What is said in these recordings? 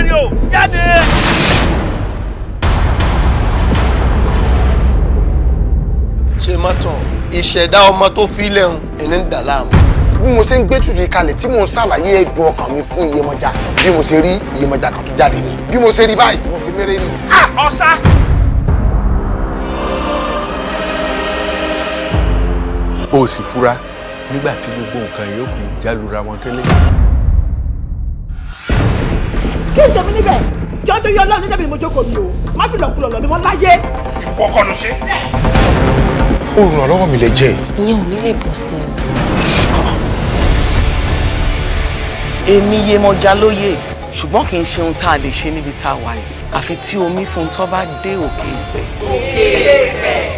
wèrè o jáde. ṣe má tán ìṣẹ̀dá ọmọ tó fi lẹ́hùn ẹni ń dà láàmú. bí mo ṣe ń gbé tùtù kalẹ̀ tí mo ń ṣàlàyé ẹ̀dùn ọkàn mi fún Iyemọja bí mo ṣe rí Iyemọja kan tó jáde ni bí mo ṣe rí báyìí mo fi mẹ́rẹ́ nù. ọ̀sá. o sì fura nígbà tí gbogbo nǹkan yòókù jálura wọn tẹ́lẹ̀ kí n tẹ̀mí níbẹ̀ jọ́ tó yọ ọlọ́run níjẹ́bi ni mo jókòó mi o má fi lọ́kùlọ̀ lọ́ mi mọ́ láyé. kọ́kọ́ ló ṣe. olùrànlọ́wọ́ mi lè jẹ́. ìyẹn ò ní lè bọ́ sí i. èmi yé mọjà lóye ṣùgbọ́n kì í ṣe ohun tá a lè ṣe níbi tá a wà yìí àfi tí omi fún tó bá dé òkè ìgbẹ́. òkè ìgbẹ́.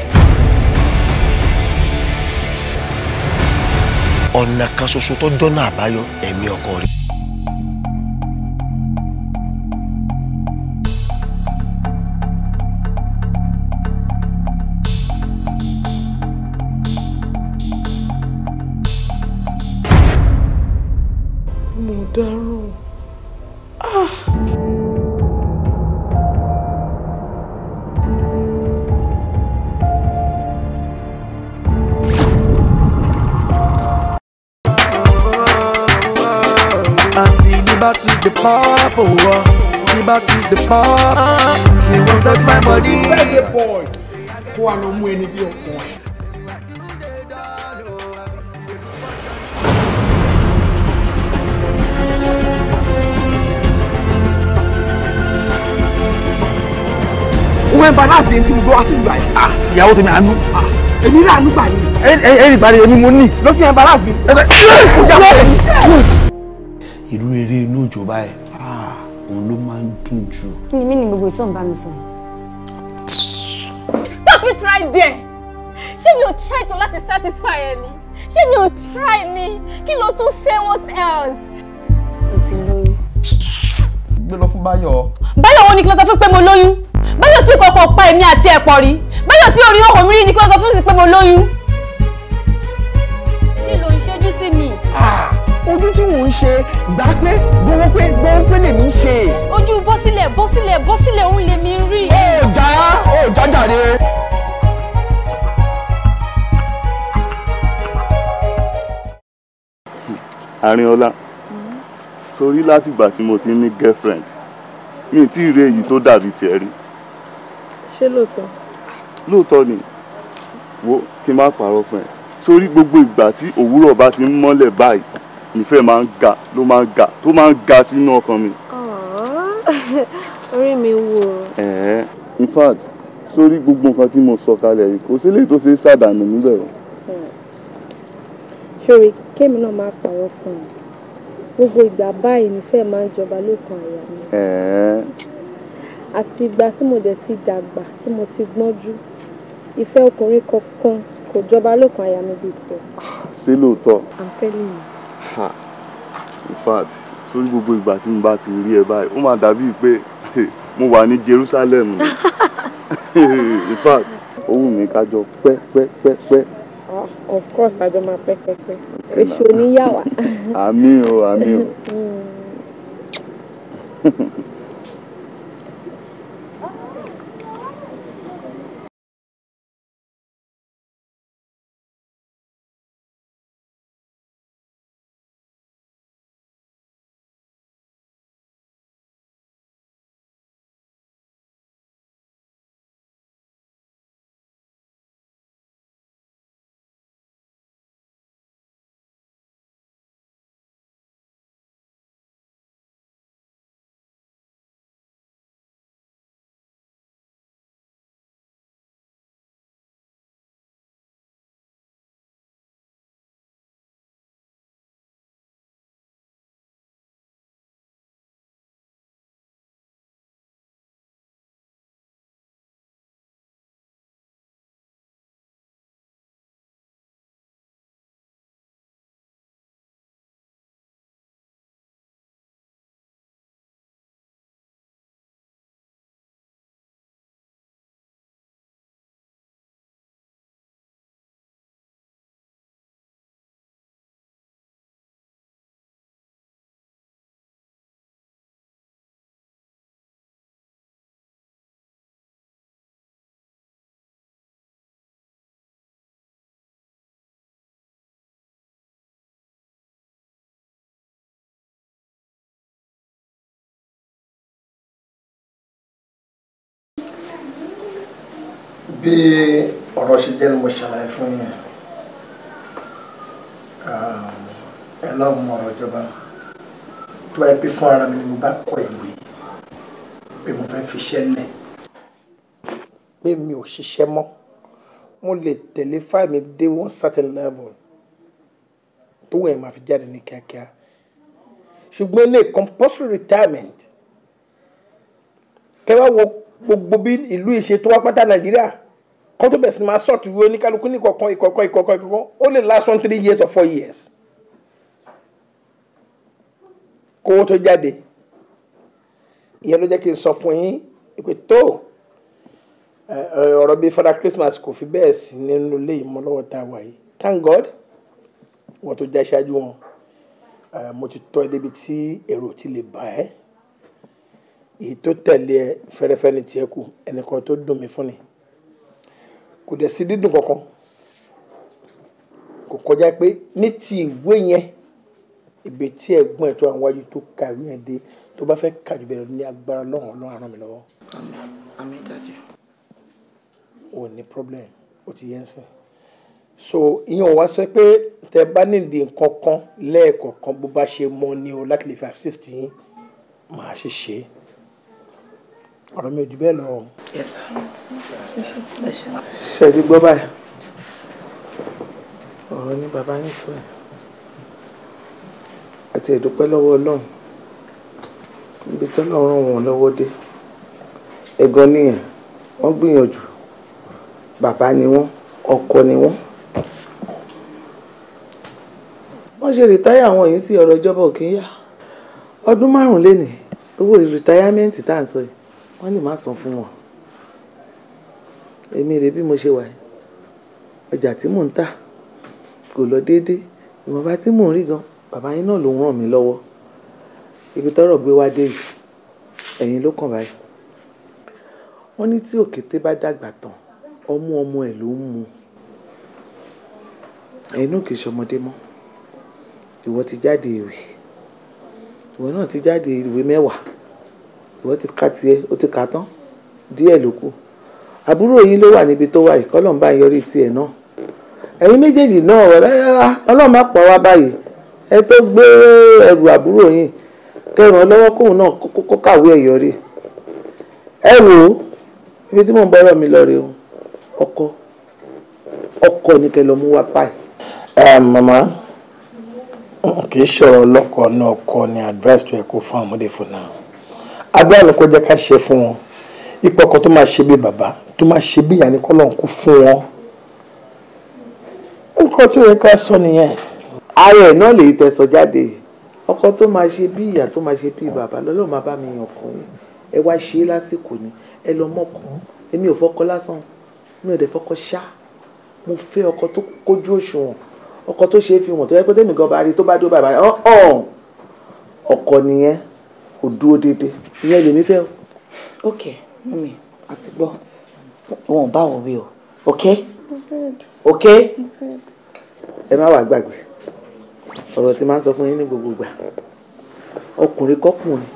ọ̀nà kan ṣoṣo tó dọ́nà àbáyọ ẹ̀mí ọkọ rẹ̀. ọ̀daràn. Ah. the pop, oh, uh, he about to the pop. She won't touch my body. Hey, boy. Kó àná mú ẹni bí your ẹ̀. mo ń balance yẹn tí mo gbọ́ wá sí ìgbà yìí. Ah, ìyàwó tèmi àánú. Ah, èmi rí àánú gbà ní. ẹni ìgbà rẹ̀ èmi mo ní. ló fi balance mi. ìlú eré inú òjò báyìí ah. òun ló máa ń dùn jù. kí ni mí ni gbogbo ìtọ́ ń bá mi sọ stop it right there ṣé mi ò try to láti satisfy ẹ ni ṣé mi ò try ni kí ló tún fẹ́ what else. mo ti lóyún. gbé lọ fún báyọ̀. báyọ̀ wo ni kí ló sọ fún pé mo lóyún báyọ̀ sí kọ̀ọ̀kan pa èmi àti ẹ̀pọ̀ rí báyọ̀ sí orí ọkọ̀ mi rí ni kí wọ́n sọ fún mi pé mo lóyún. ṣé ló ń ṣẹ́jú sí mi. Ah, ojú tí mò ń ṣe gbà pé gbowó pé gbowó pé lèmi ń ṣe. ojú bọ́ sílẹ̀ bọ́ sílẹ̀ bọ́ sílẹ̀ òun lèmi ń rí. ó jà ó jájà re. Arínọlá torí látìgbà tí mo ti ní girlfriend mi ì tí ì rí èyí tó dàbí tiẹ̀ rí ṣé lóòótọ́. lóòótọ́ ni wo kí n má parọ́ fún ẹ sórí gbogbo ìgbà tí òwúrọ̀ bá ti ń mọ́lẹ̀ báyìí ìfẹ́ máa ń ga ló máa ń ga tó máa ń ga sínú ọkàn mi. orí mi wò. in fact sórí gbogbo nǹkan tí mo sọ kalẹ̀ yìí kò sílé tó ṣe é ṣàdánù níbẹ̀ o. sórí kémi náà máa parọ́ fún ọ gbogbo ìgbà báyìí nífẹ̀ẹ́ máa ń jọba lókàn àyà mi àti ìgbà tí mo dẹ̀ ti dàgbà tí mo ti gbọ́njú ìfẹ́ ọkùnrin kankan kò jọba lókun àyà mi bíi tiẹ̀. ṣé lóòótọ́. i'm telling you. ha in fact sórí gbogbo ìgbà tí mo bá ti rí ẹ báyìí ó máa dàbí pé mo wà ní Jerusalem ni in fact ohun mi kájọ pẹ́ pẹ́ pẹ́ pẹ́. Ah, of course àjọ máa pẹ́ pẹ́ pẹ́ èso oníyàwó. àmì o àmì o. Hmm. bí ọ̀rọ̀ ṣe jẹ́ ni mo ṣàlàyé fún yín ẹ náà mọ ọ̀rọ̀ ìjọba tó bá yẹ pé fún ara mi ni mo bá kọ ìwé pé mo fẹ́ fi iṣẹ́ pé mi ò ṣiṣẹ́ mọ́ mo lè tẹ̀lé fáìmì dé one certain level tó wẹ̀ máa fi jáde ní kíákíá ṣùgbọ́n ilé compulsory retirement kẹ́ wá wo gbogbo bí ìlú ìṣe tó wá nàìjíríà kó tó bẹ̀rẹ̀ sí máa sọ̀tù ìwé oníkálukú ní ìkọ̀kan ìkọ̀kan ìkọ̀kan ìkọ̀kan ó lè last one three years or four years kówó tó jáde ìyẹn ló jẹ́ kí n sọ fún yín ìpè tó ọ̀rọ̀ bíi father Christmas kò fi bẹ́ẹ̀ sí nínú ilé ìmọ̀lọ́wọ́ tá a wà yìí thank God wọ́n tó já ṣáájú wọn mo ti tọ́ ẹ débi tí èrò ti lè bà ẹ́ èyí tó tẹ̀lé ẹ fẹ́rẹ́fẹ́ ni tiẹ̀ kù ẹnìkan tó dùn mí fún ni kò dẹ̀ sí dídùn kankan kò kọjá pé ní ti ìwé yẹn ibi tí ẹ̀gbọ́n ẹ̀ tó àwọn wájú tó ka ìwé yẹn dé tó bá fẹ́ kà jù bẹ́ẹ̀ ní agbára lọ́hùn ọlọ́run àràn mi lọ́wọ́. àmín dájú. o ní problem o ti yẹn sìn so ìyẹn ò wá sọ pé tẹ bá nídi nǹkan kan lẹ́ẹ̀kọ̀ọ̀kan bó bá ṣe mọ ni o láti lè fi assist yín màá ṣe ṣe é ọ̀rọ̀ mi ò jù bẹ́ẹ̀ lọ. ṣẹ́ẹ̀dì gbọ́ báyìí ọ̀rọ̀ ni bàbá yín sọ àti ẹ̀dúpẹ́ lọ́wọ́ ọlọ́run níbi tọ́lọ́run ràn wọ́n lọ́wọ́ dé ẹ̀gọ́ nìyẹn wọ́n gbìyànjú bàbá ni wọ́n ọkọ ni wọ́n wọ́n ṣe rìtáyà àwọn yìí sí ọ̀rọ̀ ìjọba òkè yá ọdún márùn-ún lé ní owó rìtáyámẹ́ǹtì tá à ń sọ yìí wọ́n lè má san fún wọn èmi rè bí mo ṣe wà ọjà tí mò ń tà kò lọ déédé ìwọ̀nba tí mò ń rí gan bàbá yín náà ló ń ràn mí lọ́wọ́ ibi tọ́rọ̀ gbé wá dé yìí ẹ̀yin ló kàn báyìí wọ́n ní tí òkété bá dàgbà tán ọmú ọmọ ẹ̀ ló ń mu ẹ̀yin náà kì í ṣọmọdé mọ́ ìwọ ti jáde ìwé ìwọ náà ti jáde ìwé mẹ́wàá ìwọ ti ka tiẹ̀ ó ti ka tán díẹ̀ ló kù àbúrò yín ló wà níbi tó wà yìí kọ́lọ́n bá yọrí tiẹ̀ náà ẹ̀yin méjèèjì náà ọlọ́run má pọ̀ wá báyìí ẹ tó gbé ẹrù àbúrò yín kẹràn lọ́wọ́ kóun náà kó kàwé ẹ̀ yọrí ẹ wò ibi tí mò ń bọ́rọ̀ mi lọ rè o ọkọ ọkọ ni kẹ lọ mú wá báyìí. ẹ màmá kì í ṣọ̀rọ̀ ọlọ́kọ̀ọ́ náà ọkọ ni advice tó yẹ kó fún àmúdé fún náà àdúrà ló kọjá ká ṣe fún wọn ipò ọkọ tó máa ṣe bí bàbá tó máa ṣe bí ìyá ni kọ́lọ́hún kó fún wọn nǹkan tó yẹ ká sọ nìyẹn. ààrẹ náà lè tẹ̀sán jáde ọkọ tó máa ṣe bí ìyá tó máa ṣe bí bàbá lọ́lọ́ máa bá mi yàn fún yín ẹ wá ṣe é lásìkò ni ẹ lọ mọ́kọ èmi ò fọkọ lásán mi ò dẹ̀ fọkọ ṣá mo fẹ́ ọkọ tó kójú òṣùwọ̀n ọkọ tó ṣe é fi wọ̀n tó yẹ pé tẹ́mi gan bá rí tó bá dó bàbá rẹ̀ ọ̀hún ọkọ nìyẹn o dúró déédéé ìyẹn lèmi fẹ́ o. ok mami àti gbọ́ wọn ò bá wọn wí o ok ok ẹ má wàá gbàgbé ọ̀rọ̀ tí máa ń sọ fún yín ní gbogbo ìgbà ọkùnrin kọ́kùnrin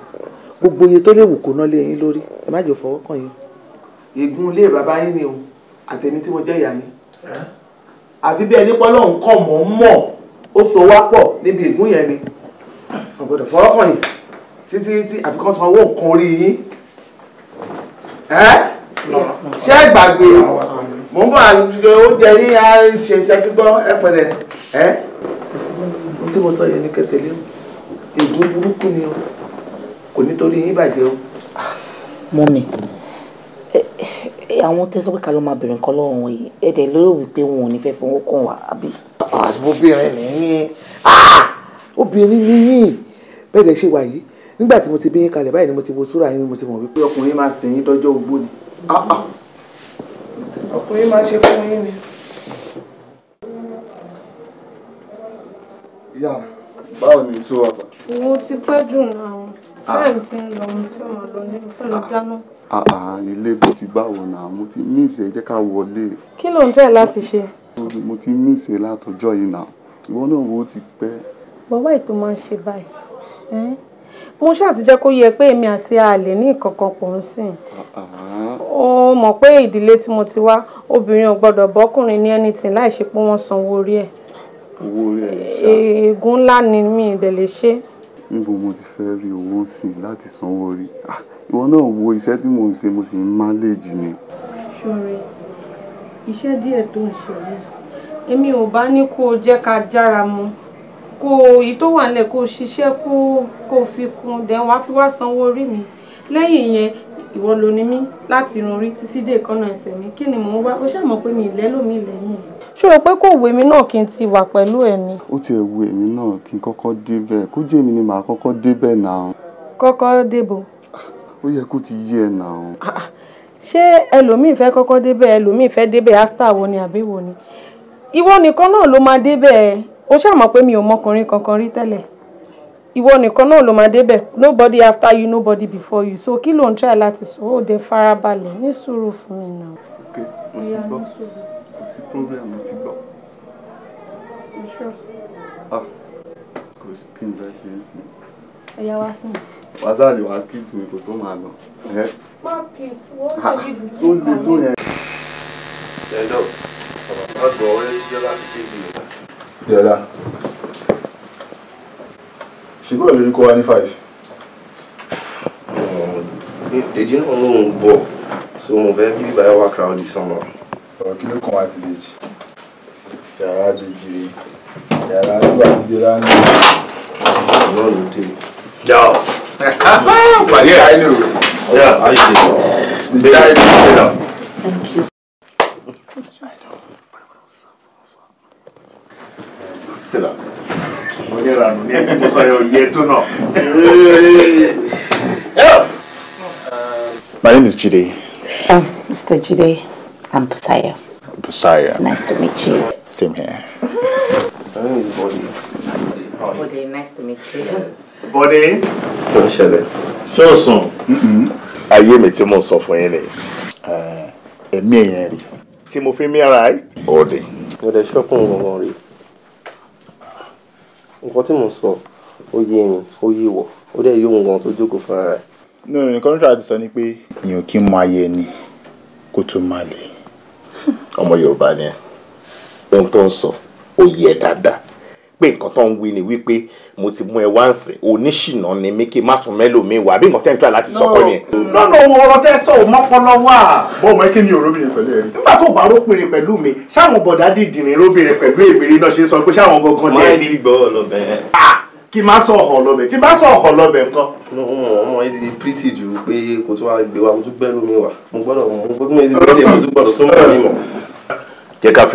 gbogbo iye tó lè wù kó ná lé yín lórí ẹ má jò fọwọ́ kàn yín. ègún ilé bàbá yín ni o àtẹni tí mo jẹ́ ìyá yín àfi bí ẹni pọ́ lọ́hùn kọ̀ mọ́ mọ́ ó so wá pọ̀ níbi ègún yẹn ni ọ̀gbọ́dọ̀ fọwọ́ kàn yín títí tí àfikún san owó nǹkan orí yín ṣé ẹ gbàgbé mò ń bọ̀ àjọ oúnjẹ yín á ṣe iṣẹ́ gbígbọ́ ẹ pẹ̀lẹ́ ẹ. tí mo sọ yẹn ní kẹtẹlẹ o ègún burúkú ni o kò nítorí yín bàjẹ́ o. mọ́mì àwọn tẹ́sán pé ká ló máa bèrè nǹkan lọ́wọ́ wọn yìí ẹ̀dẹ̀ lérò wípé wọn ò ní fẹ́ fọwọ́ kàn wá àbí. àbúbìnrin ni ah! obìnrin ni yín bẹ́ẹ̀ dẹ̀ ṣe wà yìí nígbà tí mo ti bí yín kalẹ̀ báyìí ni mo ti wo súra yín ni mo ti mọ̀ wípé ọkùnrin máa sìn yín dọ́jọ́ ogbó ni. Ah, ah. ọkùnrin máa ṣe fún yín ni. ìyá báwo ni iṣu wà bá. mo ti pẹ́ jù náà báyìí ah. ti ń lọ mo fẹ́ máa lọ ní mo fẹ́ lọ dáná. àà ilé bó ti báwo náà mo ti mí ìṣe jẹ́ ká wọlé. kí ló ń jẹ́ láti ṣe. mo ti mí ìṣe látọjọ́ yìí náà ìwọ náà wo ti pẹ́. bàbá ètò máa ń ṣe báyìí mo ṣáà ti jẹ́ kó yẹ pé èmi àti àlè ní ìkankan pọ̀ ń sìn uh-huh. ó mọ̀ pé ìdílé tí mo ti wá obìnrin ò gbọ́dọ̀ bọ́kùnrin ní anything láì ṣe pé wọ́n san owó orí ẹ̀ owó orí ẹ̀ ṣá ègún ńlá ni mi ìdẹ̀ lè ṣe. níbo mo ti fẹ́ rí owó sìn láti san owó orí ah, ìwọ náà wo iṣẹ́ tí mo ń ṣe mo sì ń manage ni. ṣòro iṣẹ́ díẹ̀ tó ń ṣe yìí èmi ò bá ní kó o jẹ́ ká jára mu kó èyí tó wà nílẹ̀ kó ṣiṣẹ́ kó kó fi kún dẹ̀ wá fi wá sanwó orí mi lẹ́yìn yẹn ìwọ ló ní mí láti run orí títí dé ìkànnà ẹsẹ̀ mi kí ni mò ń wá ó ṣàmọ̀ pé mi ìlẹ́lòmí lẹ́yìn yẹn ṣòro pé kò mi náà kí n ti wà pẹ̀lú ẹ̀mí. ó ti ẹ̀ wo èmi náà kí n kọ́kọ́ débẹ̀ kó jẹ́ èmi ni màá kọ́kọ́ débẹ̀ náà. kọ́kọ́ débo. ó yẹ kó ti yé ẹ náà. Ah, ṣé ẹlòmíì fẹ́ kọ́kọ́ débẹ̀ ẹlòmíì fẹ́ débẹ̀ after wo ni àbí wo ni ìwọ nìkan náà ló máa débẹ̀ ó ṣàmọ̀ pé mi ò mọkùnrin kankan rí tẹ́lẹ̀ ìwọ nìkan náà ló máa débẹ̀ nobody after you nobody before you so kí ló ń try láti sọ ó dé farabalẹ̀ ní sùúrù fún mi náà. ok mo ti gbọ́ kò sí problem mo ti gbọ́. ah kò sí kí n bá ṣe é sí. ẹ̀yà wá sí mi. wàhálà lè wá kiss mi kò tó máa lọ. má kiss wọ́n ah, lè dùn. ó le tó yẹn. ẹ̀dọ̀ àgọ̀ ọ̀rẹ́ jẹ́ láti kéde ìlànà. Diola ṣùgbọ́n lórí kó wá ní five. dèjì náà ló ń bọ̀ so mo fẹ́ bí bíbá wá crowd sọ́mọ. ọ̀rọ̀ kí ló kàn wá ti dèjì yàrá dèjì rè yàrá tí wàá ti dé lánàá. ọ̀nà ló dé. yàrá wàá yẹ àìlè rò. yàrá àìlè rò. Thank you. sílà uh, My name is Jide. Oh, Mr. Jide, I'm Busaya. Busaya. Nice to meet you. Same here. My name Bode. Bode, nice to meet you. Bode. Show ń ṣẹlẹ̀. Ṣé o sùn? Ayé mi tí mo sọ fún yín nìyí. Uh, ẹ̀mí ẹ̀yẹn rí. Tí mo fi mí ara ẹ̀. Bode. Bode ṣọ́kùn nǹkan tí mò ń sọ ó yé mi ó yé wọ ó dẹ̀ yóò gan tó jókòó fúnra rẹ̀. ní òrìn kọ́ńtà ti sọ ni pé èèyàn kì í mọ ayé ẹni kó tó má lè. ọmọ yorùbá ni ẹ ohun tó ń sọ ó yẹ dáadáa pé nǹkan tó ń wí ni wípé mo ti mú ẹ wá ń sìn oníṣìnà ni mí kí n má tún mẹ́lò mi wà bí nǹkan tẹ́ ń tọ́ láti sọ́kọ́ yẹn. lọ́nà òun ọ̀rọ̀ tẹ́ sọ òun mọ́pọ́lọ́ wà. bọ́ọ̀ mọ́ kí ni òróbìnrin pẹ̀lú ẹ̀. nígbà tó bá róbìnrin pẹ̀lú mi ṣáwọn bọ̀dá dìdìrín róbìnrin pẹ̀lú èmìrín náà ṣe sọ pé ṣáwọn gangan ni ẹ̀ ní. máa ń gbọ́ ọlọ́bẹ̀. kí má sọ ọ̀họ̀ lọ́bẹ̀ tí bá sọ ọ̀họ̀ lọ́bẹ̀ nǹkan. ọmọ ẹ ti pírítì jù pé kò tó wá gbé wa kó tó gbẹ́rù mi wà mo gbọ́dọ̀ mo gbọ́dọ̀ tó mọ̀ ní mọ̀. jẹ́ ká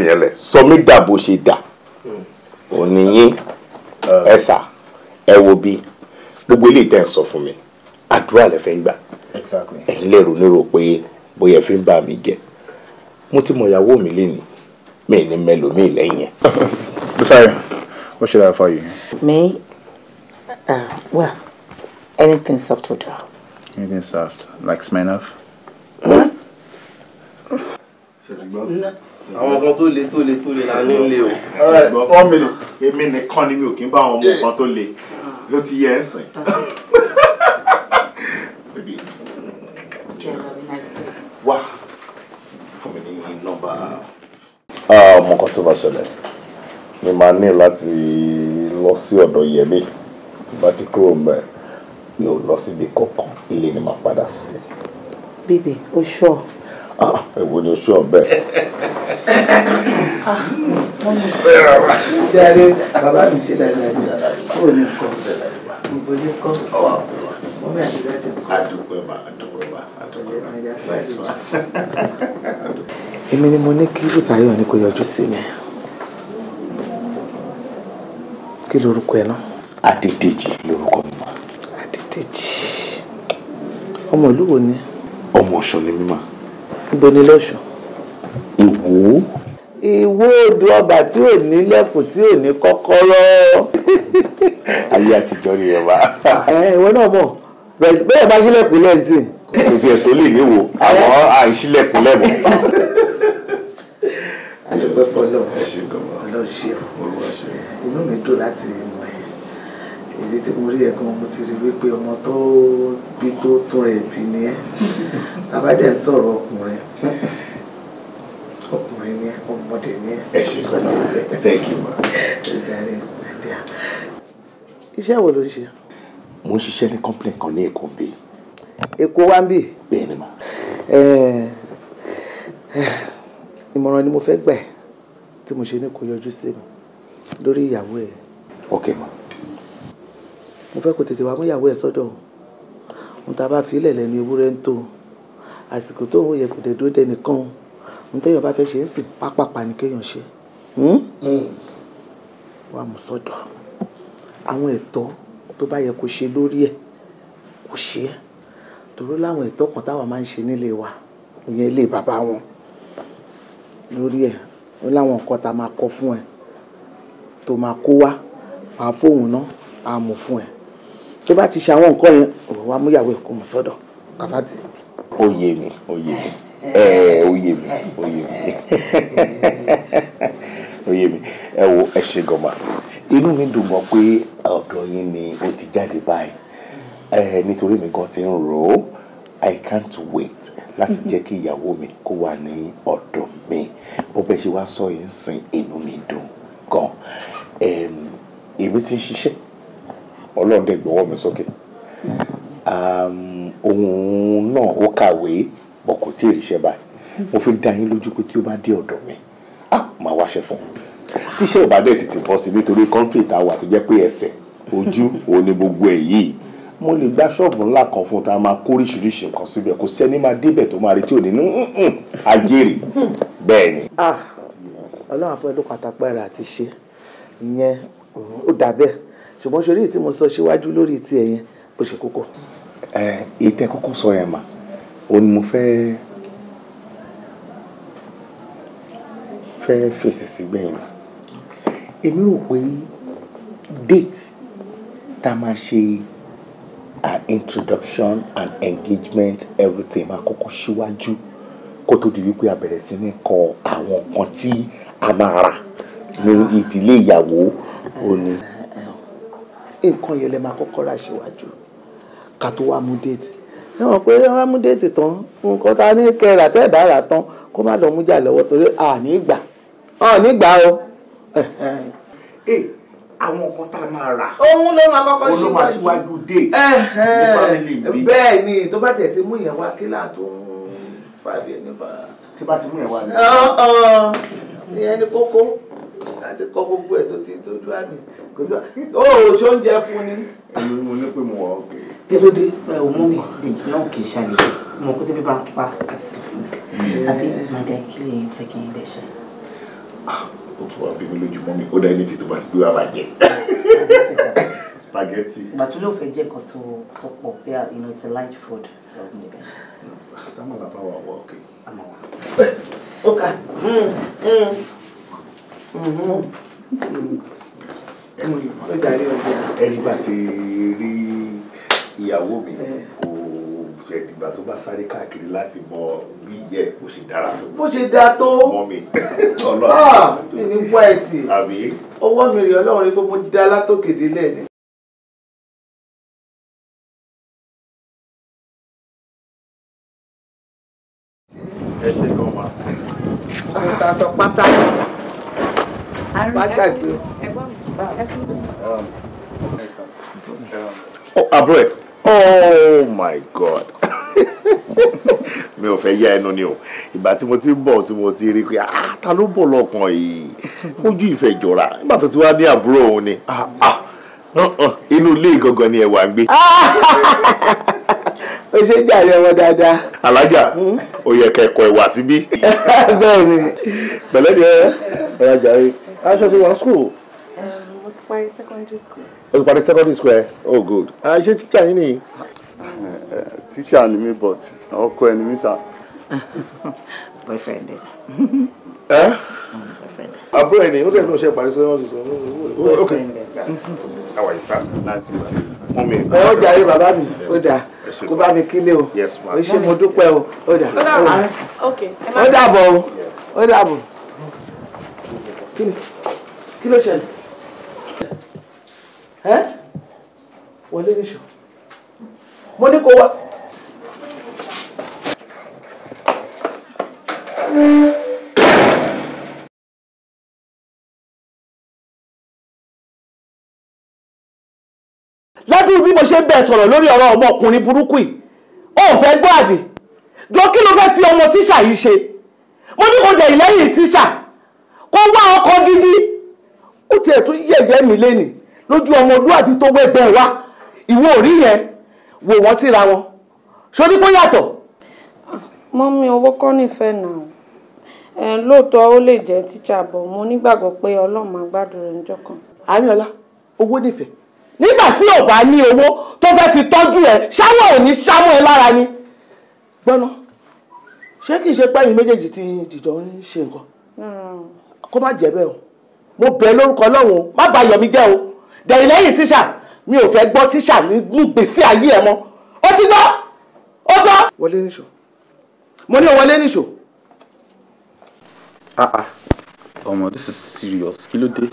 ẹ wo bí gbogbo eléyìí tẹ́ ń sọ fún mi àdúrà lẹ fẹ́ ń gbà ẹ̀yin lẹ́rù ní rò pé bóyá ẹ fi ń bá mi jẹ mo ti mọ ìyàwó mi lénìí mi ní mẹlòmíì lẹ́yìn ẹ̀. Desire, what should I offer you? Me? Uh, well, anything soft to do. Anything soft? Like Smirnoff? What? àwọn kan tó le tó le tó le la ní ilé o. one minute èmi nìkan ni mi ò kí ń bá àwọn ọmọ kan tó le ló ti yẹ ẹ sìn. wá fún mi ní nọ́mbà. ọmọ kan tó bá ṣẹlẹ̀ ni màá ní láti lọ sí ọ̀dọ̀ yẹmí tí bá ti kúrò ń mi ò lọ síbi kankan ilé ni màá padà sí. bèbè o ṣọ́ọ̀. Sure èwo ni oṣù ọbẹ̀. jáde bàbá mi ṣe dáadáa ní kúrò ní kọ́ gbogbo ní kọ́ mọ́ mi àti dájú. àdúgbò mà àdúgbò mà àdúgbò mà. èmi ni mo ní kí Bùsáyọ̀ ni kò yọjú sí mi kí lorúkọ ẹ náà. Adédèjì lorúkọ mi ma. Adédèjì ọmọ ìlú wo ni. ọmọ Ọ̀ṣun ni mí mà. Ibo ni lọ́ṣùn? Ìwó. Ìwó odò ọba tí ò ní lẹ́kùn tí ò ní kọ́kọ́rọ́. Ayé àtijọ́ ni ẹ wá. Ìwọ náà mọ̀, bẹ́ẹ̀ bá ṣílẹ̀kùn lẹ́sìn. Kò sí ẹ̀sọ́ lè níwò, àmọ́ àìṣílẹ̀kùn lẹ́mọ̀. Adúpẹ́ fọlọ́, ọlọ́run ṣe ọ́. Inú mi dùn láti èyí tí mo rí ẹ gan mo ti rí wípé ọmọ tó bí tó tún rẹ̀ bí ni ẹ́ abájá ń sọ̀rọ̀ ọkùnrin ọkùnrin ni ẹ́ ọmọdé ni ẹ́. ẹ ṣe pẹ̀lú thank you ma. iṣẹ́ wo ló ń ṣe. mo ń ṣiṣẹ́ ní complaint kan ní èkó bíi. èkó wá ń bì. bẹ́ẹ̀ ni ma. ìmọ̀ràn ni mo fẹ́ gbà ẹ́ tí mo ṣe ní kó yọjú sí mi lórí ìyàwó ẹ̀. ok ma mo fẹ́ kó tètè wá mú ìyàwó ẹ̀ sọ́dọ̀ òun tá a bá fi ilẹ̀ lẹ́nu ewúrẹ́ ń tò àsìkò tó òun yẹ kò dé dúró dẹnìkan òun téèyàn bá fẹ́ ṣe é sì pápápá ni kéèyàn ṣe hmm? hmm. wàá mú sọ́dọ̀ àwọn ẹ̀tọ́ tó bá yẹ kó ṣe lórí ẹ̀ kò ṣe é torí láwọn ẹ̀tọ́ kan táwa máa ń ṣe nílé wa ìyẹn ilé bàbá wọn lórí ẹ̀ ó láwọn nǹkan tá a máa kọ fún ẹ tó máa kó wá máa fóun náà á fún ẹ tó bá ti ṣe àwọn nǹkan yẹn òun wa múyàwó ẹ̀ kó mú sọ́dọ̀ káfáàtì. ó yé mi ó yé mi ẹ ó yé mi ó yé mi ó yé mi ẹ wo ẹ ṣe gọ̀mà inú mi dùn mọ́ pé ọ̀dọ̀ yín ni ó ti jáde báyìí nítorí mi gan ti ń rò ó i can't wait láti mm-hmm. jẹ́ kí ìyàwó mi kó wà ní ọ̀dọ̀ mi bó bẹ́ẹ̀ ṣe wá sọ yìí ń sin inú mi dùn gan èmi ti ń ṣiṣẹ́ ọlọ́run dẹ̀ gbọ́wọ́ mi sókè òun náà ó kàwé bọ̀ kò tí ì ríṣẹ́ báyìí mo fi dá yín lójú pé tí ó bá dé ọ̀dọ̀ mi máa wáṣẹ́ fún un tíṣẹ́ ìbàdàn tètè bọ́ sí nítorí kọ́ńtì ìtawà tó jẹ́ pé ẹsẹ̀ ojú òun ni gbogbo ẹ̀ yìí mo lè gba ṣọ́ọ̀bù ńlá kan fún ta máa kó oríṣiríṣi nǹkan síbẹ̀ kò sẹ́ni máa débẹ̀ tó máa retí òní ní ajérè bẹ́ẹ̀ ni. Ah, ọlọ́run àfọwọ́ ló pàtàkì àti ṣe ìyẹn ó dà bẹ́ẹ̀ ṣùgbọ́n ṣorí tí mo sọ síwájú lórí ti ẹ̀yẹn ó ṣe kókó. ẹ ìtẹ kọ́kọ́ sọ ẹ mà ó ní mo fẹ́ fẹ́ fèsì sí gbẹ̀yìn èmi rò pé date tá máa ṣe an introduction and engagement everything máa kọ́kọ́ síwájú kó tó di wípé a bẹ̀rẹ̀ sí Ni kọ àwọn nǹkan tí a máa rà ní ìdílé ìyàwó òní. Uh -huh nǹkan yẹn lè máa kọ́kọ́ ra ṣèwájú ká tó wá mú déètì ẹ mọ̀ pé wá mú déètì tán nǹkan tá a ní kẹrà tẹ́ ẹ̀ bá rà tán kó má lọ mú jà lọ́wọ́ torí àní gbà àní gbà o. Eh, àwọn nǹkan tá a máa rà òun ló máa kọ́kọ́ ṣíwájú déètì ní fámìlì mi. bẹ́ẹ̀ ni tó bá tẹ̀ ti mú yẹn wá kí láà tó ń fàbí ẹni bá. tí bá ti mú yẹn wá ni. ìyẹn ni kókó láti kọ́ gbogbo ẹ̀ tó ti dúdú àmì kò sí ó ṣó ń jẹ fún ni. mo ní pé mo wà ókè. tẹ́lódé ò mú mi èyí náà kì í ṣàlejò mo kó tẹ́lẹ̀ bá ń pa àti sí fún mi àbí màdà kí lè fẹ́ kí n bẹ̀ ṣe. Ah, ó tún wá bí mi lójú mọ́ mi ó dá ẹni tí tó bá ti gbé wàá bàjẹ́ spaghetti. But you know, if you go to top up there, you know, it's a light food. So maybe. I'm all about working. I'm all ẹnìgbà tí rí ìyàwó mi kò jẹ ìgbà tó bá sáré káàkiri láti mọ bí yẹ bó ṣe dára tó. bó ṣe dáa tó mọ mi Ọlọ́run ah, mi ní wáìtì ọwọ́ mi rè Ọlọ́run ní gbogbo dá látòkè délẹ̀ ni. má gbàgbé o. Oh, àbúrò ẹ oh my god mi ò fẹ́ yá ẹnu ni o ìgbà tí mo ti ń tí mo ti rí pé ah ta ló bọ̀ lọ́kàn yìí ojú ìfẹ́ jọra nígbà tó ti wá ní àbúrò òun ni ah ah inú ilé ìgangan ni ẹ wà gbé. o ṣe ń jàre ọmọ dáadáa. alájà hmm? ó yẹ kẹkọọ ìwà síbí. bẹ́ẹ̀ni. pẹ̀lẹ́ ni ẹ ẹ alájà aṣọ ti wà school. mo ti parí secondary school. o ti parí secondary school eh? oh good. Ah, ṣé tíṣà yín nìyí. Eh, eh, teacher ni mí but ọkọ ẹ ni mí sà. boyfriend ẹ. ẹ àbúrò ẹ ni ó dẹ̀ ní oṣù secondary school. Oh, oh, oh, okay. How are you, sir? Nice. wà mú mi. ọ jàre bàbá mi ó dà kó bá mi kílé o ó ṣe mo dúpẹ́ Oh, ó dà Oh, dà bọ̀ o ó dà kí ni kí ló ṣẹlẹ̀ ẹ́ wọlé níṣù mo ní kó wá. ládùúgbò bí mo ṣe ń bẹ̀ sọ̀rọ̀ lórí ọ̀rọ̀ ọmọkùnrin burúkú yìí ó fẹ́ gbọ́ àbí jọ kí ló fẹ́ fi ọmọ tíṣà yìí ṣe mo ní kò dẹ̀ ìlẹ́yìn tíṣà lọ wá ọkọ gidi ó tiẹ̀ tún yẹ̀yẹ́ mi lẹ́nì lójú ọmọlúwàbí tó wẹ́gbẹ́ wa ìwọ òrí yẹn wò wọ́n síra wọn ṣorí pé yàtọ̀. mọ́mí owó kọ́ nífẹ̀ẹ́ náà ẹ lóòótọ́ ó lè jẹ́ tíjà bọ̀ mo nígbàgbọ́ pé ọlọ́run máa gbàdúrà níjọ́ kan. àríọlá owó nífẹ̀ẹ́ nígbà tí ò bá ní owó tó fẹ́ fi tọ́jú ẹ ṣáwọ̀ ò ní ṣáwọ̀ ẹ lára ni. gbọ́nà ṣé kìí ṣe pẹ́yìn méjèèjì tí dìjọ ń ṣe nǹkan kó má jẹ́ bẹ́ẹ̀ o mo bẹ̀ lórúkọ Ọlọ́run o má bà yọ̀ jẹ́ o dẹ̀yìn lẹ́yìn tíṣà mi ò fẹ́ gbọ́ tíṣà ní gbèsè ayé ẹ mọ́ ó ti gbọ́ ó gbọ́. wọlé nìṣó mo ní o wọlé nìṣó. ah ah ọmọ this is serious kí ló dé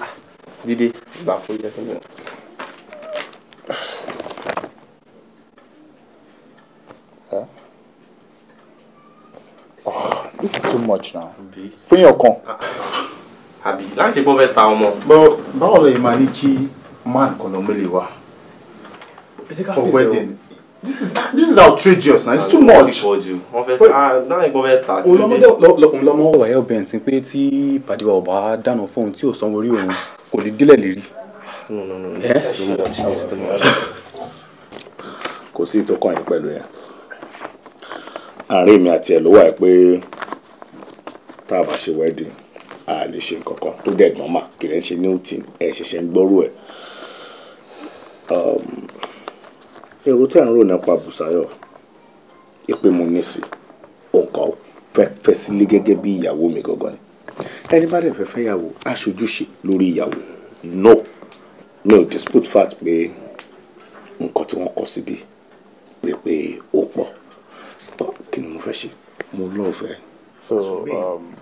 dídé gbà fún yẹ fún mi. Oh, this is too much now. Fún yàn kan. Ah, ah àbí láti ṣe pé ta ọmọ. báwo lè máa ní kí man kan lọ mélòó wa for wedding this is this is outrageous na it's too much. wọ́n fẹ́ ta náà ìgbọ́ fẹ́ ta. olùlọ́mọdé lọkùnrin lọ́mọ wà ẹ́ obìnrin tí pé tí ìpàdé ọba dáná fóun tí ò sanwó orí òun kò lè dílẹ̀ lérí. kò sí ètò kan yìí pẹ̀lú yẹn àárín mi àti ẹ̀ ló wà pé tá a bá ṣe wedding a lè ṣe nǹkan kan tó dẹ̀ gbọ́n mà kí lẹ́ ń ṣe new team ẹ̀ ṣẹ̀ṣẹ̀ ń gbọ́rú ẹ̀ um, èrò tí à ń rò nípa Bùsáyọ̀ ìpè mo ní sí òǹkọ́ fẹ́ sílé gẹ́gẹ́ bí ìyàwó mi gangan ni ẹni bá dẹ̀ fẹ́ fẹ́ yàwó aṣojúṣe lórí ìyàwó no no dispute fact pé nǹkan tí wọ́n kọ síbi pé pé ó pọ̀ kí ni mo fẹ́ ṣe mo lọ́ọ̀fẹ́. so um,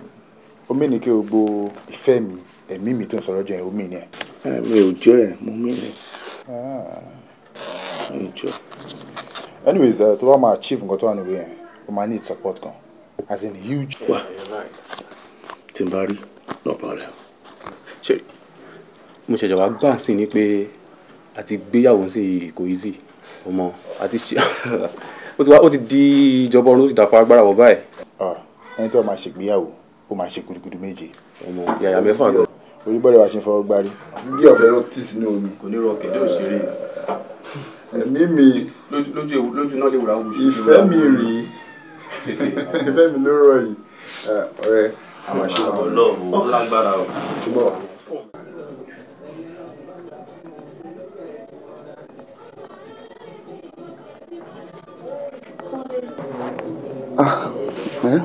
omi ni kí o gbo ìfẹ́ mi ẹ̀mí mi tó ń sọ̀rọ̀ jọ omi ni ẹ̀. mi ò jọ ẹ mo mí ni ah. mi ò jọ. anyways eh, tó bá máa achieve nǹkan tó wà níwèé yẹn o máa need support kan as in huge. wà tí n bá rí no problem. ṣe mo ṣẹ̀ṣẹ̀ wá gbà sí ni pé àti gbéyàwó sí kò easy ọmọ àti ṣe ó ti di ìjọba ọ̀run ó ti dàpọ̀ agbára wọ̀ báyìí. Ah, ẹni tó máa ṣègbéyàwó o máa ṣe gudugudu méje. ọmọ yàyà mẹ́fà gan. orí bọ́ọ̀rẹ̀ wa ṣe ń fọwọ́ gbárí. bí ọ̀fẹ́ ló tì sínú omi. kò ní rọ kẹ̀dẹ́ òṣèré. ẹ̀mí mi. lójú náà lè wúra wù. ìfẹ́ mi rí ìfẹ́ mi ló rọ yìí. ọ̀rẹ́ àwọn àṣìwọ̀n. ọlọ́run ó lágbára o. Ah, é?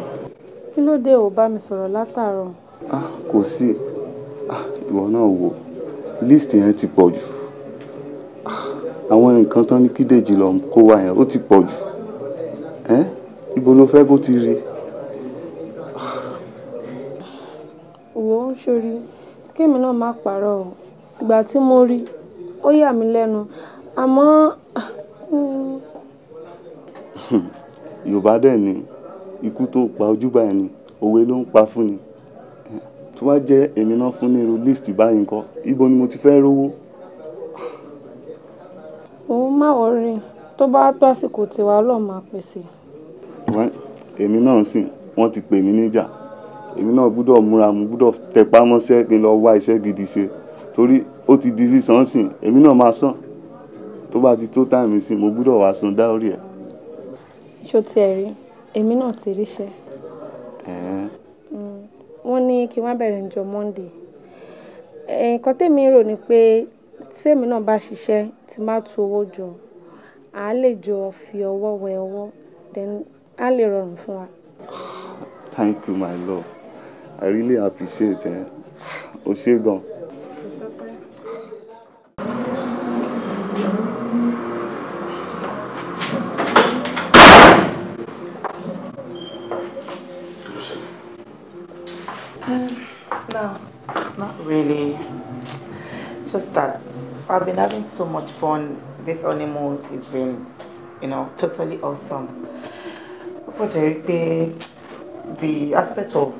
kí ló dé ò bá mi sọ̀rọ̀ látàárọ̀. ah kò sí ah ìwọ náà wò list yẹn ti pọ̀ jù ah, àwọn nǹkan tán ní kídèjì lọ kó wa yẹn ó ti pọ̀ jù ibo ló fẹ́ kó ti rí. Ah. wò ó sórí kémi náà má parọ́ o ìgbà tí mo rí ó yà mí lẹ́nu àmọ́. Ah, hmm. yorùbá dẹ̀ ni ikú tó pa ojúgbà ẹni òwe ló ń pa fún ni tó bá jẹ́ èmi náà fún ní irú list báyìí nǹkan ibo ni mo ti fẹ́ rówó. òun má wọrin tó bá tó àsìkò tiwa ọlọ́run máa pèsè. èmi náà sìn wọ́n ti pè mí níjà èmi náà gbúdọ̀ múra mo gbúdọ̀ tẹpá kí n lọ wá iṣẹ́ gidi ṣe torí ó ti di sísan sìn èmi náà máa san tó bá ti tó táìmì sí mo gbúdọ̀ wá san dá ẹ̀. ṣó tiẹ̀ rí i èmi náà ti ríṣẹ́ mm. wọ́n ní kí wọ́n bẹ̀rẹ̀ níjọ́ Monday nǹkan tèmi rò ni pé tèmi náà bá ṣiṣẹ́ tí má tu owó jọ á lè jọ fi ọwọ́ wẹ ọwọ́ then á lè rọrùn fún wa. Thank you my love I really appreciate it eh. o ṣé gan-an. not really. It's just that I've been having so much fun. This honeymoon has been, you know, totally awesome. But the, the aspect of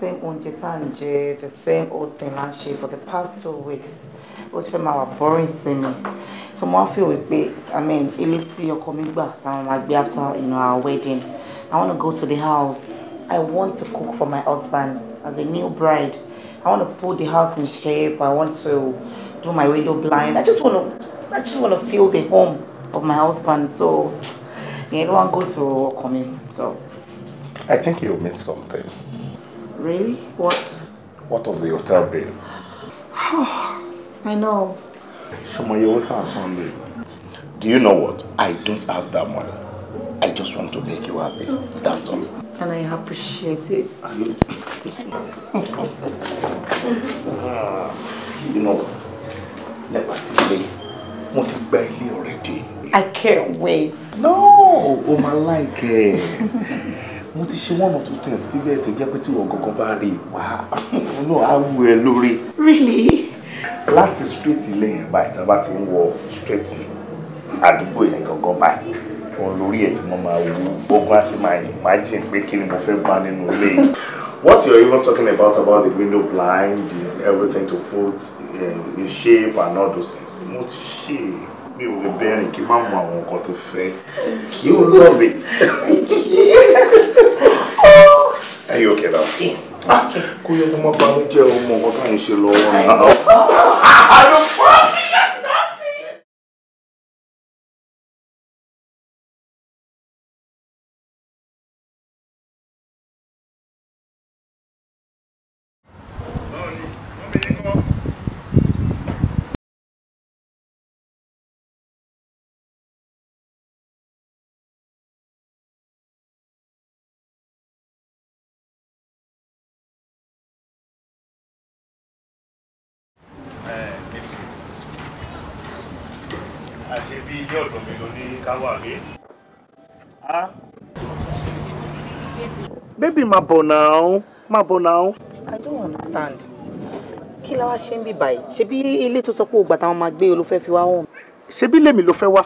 same old tá à the same old thing and ń for the past two weeks was becoming boring sí so more feel would be, i mean ilé you're coming back, and máa gbé after you know, our wedding i wanna go to the house i want to cook for my husband as a new bride I want to put the house in shape. I want to do my window blind. I just want to, I just want to feel the home of my husband. So, yeah, I don't want to go coming. So. I think you missed something. Really? What? What of the hotel bill? I know. Shomoyota on Sunday. Do you know what? I don't have that money. I just want to make you happy. That's all. and I appreciate it. you know what? Never today. What you barely already. I can't wait. No, oh my like it. E. mo ti ṣe one of two things síbẹ̀ tó jẹ́ pé tí wọ́n gọ́gọ́ bá rí wá náà á wù ẹ́ lórí. really. láti street ilé yẹn báyìí tá a bá ti ń wọ street àdúgbò yẹn gọ́gọ́ báyìí òun lórí ẹ̀ tí mo máa wú ogun àti máa imagine pé kí ni mo fẹ́ gbá nínú ilé yìí. What you're even talking about about the window blind everything to put in, in shape and all those things mo ti ṣe mi ò lè bẹ́rìn kí n má mọ àwọn nǹkan tó fẹ́ kí o love it. Are you okay now? Yes. Ah, Kúyẹ́ kó má bá jẹ́ ọmọ ọ̀gá tó ń ṣe lọ́wọ́ náà. baby má bọ̀ náà má I don't understand. Kí la wá ṣe ń bí báyìí? Ṣebí ilé tó sọ pé ògbà táwọn máa gbé ló fẹ́ fi wá wọ̀n? Ṣebí lèmi ló fẹ́ wá?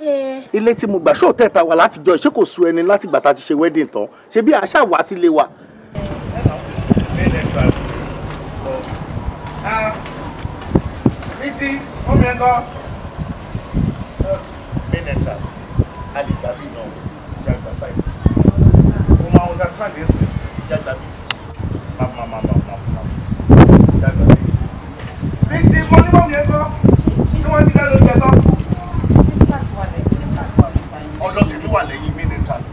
Eh. Ilé tí mo gbà ṣó tẹ̀ta wà látijọ́ ṣé kò sú ẹni láti gbà tá a ti ṣe wedding tán? Ṣebí àṣà wá sílé wa? Bísí, ó mi ẹ̀ kọ́ main entrance ali gabi náà jagba side o ma understand this jágba mi màmá màmá màmá jágba mi. bísí mo ní wọ́n mi ẹ kọ́ tí wọ́n ti dá lórí ẹ kọ́. ọ̀dọ̀ tèmi wà lẹ́yìn mí ní tàṣí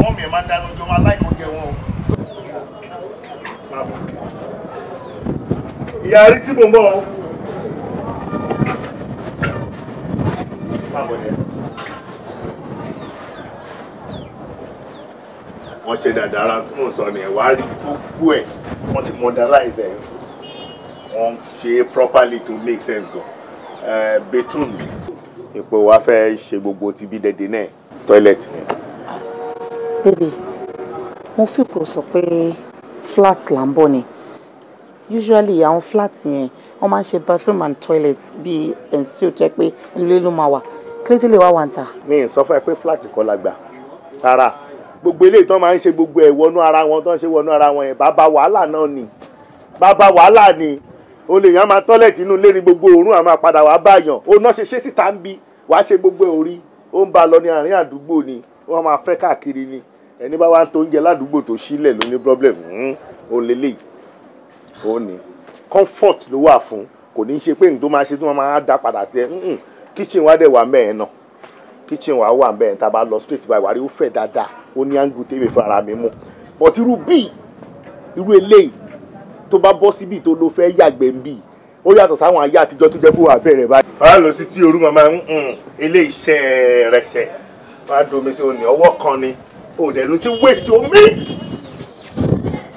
wọ́n mi ẹ̀ máa dáná jọ máa láìkọ́ jẹ wọn o. ìyá rí sí mo mọ́ ọ. ṣe dáadáa ara tí mò ń sọ nìyẹn wàá rí gbogbo ẹ̀ wọ́n ti modernize ẹ̀ sí wọ́n ṣe é properly to make sense gan bathroom mi. ipò wa fẹ́ ṣe gbogbo ti bí dẹ́dẹ́ náà toilet ni. bébì mo fipò sọ pé flat là ń bọ̀ ni usually àwọn flat yẹn wọ́n máa ń ṣe bathroom and toilet bíi ẹ̀sìn tí ó jẹ́ pé ilé ló máa wà kí ló ti lè wá wà ń tà. mi ì sọ fún ẹ pé flat kọ́ la gbà rárá gbogbo eléyìí tán máa ń ṣe gbogbo ẹ̀ wọnú ara wọn tán ṣe wọnú ara wọn yẹn bàbá wàhálà náà ni bàbá wàhálà ni o lè yàn máa tọ́lẹ̀tì inú lé ní gbogbo òórùn àmọ́ àpadà wàá báyàn ó ná ṣe ṣé síta ń bi wàá ṣe gbogbo orí ó ń ba lọ ní àárín àdúgbò ni wọ́n máa fẹ́ káàkiri ni ẹni bá wá ń tó oúnjẹ ládùúgbò tó sílẹ̀ ló ní problem ó lélẹ̀ ó ní comfort ló wà fún kò ní í ṣe pé n tó máa ṣe tó máa dá padà sí ẹ hmm, kitchen wa dẹ̀ wà mẹ́ẹ̀ẹ́ náà kitchen wa wà mẹ́ẹ̀ẹ́ tá a bá lọ straight by wàá rí ó fẹ̀ dáadáa ó ní áńgù tèmi fún ara mi mú but irú bíi irú eléyìí tó bá bọ́ síbi tó ló fẹ́ yàgbẹ́ ń bíi ó yàtọ̀ sáwọn ayé àtijọ́ tó jẹ́ kó wà bẹ̀rẹ̀ báyìí. wàá lọ sí tí orú màmá ń hùn hmm, ilé iṣẹ́ rẹ̀ ṣẹ̀ wàá domi sí òní ọwọ́ kan ni òdẹ̀nu ti waste omi.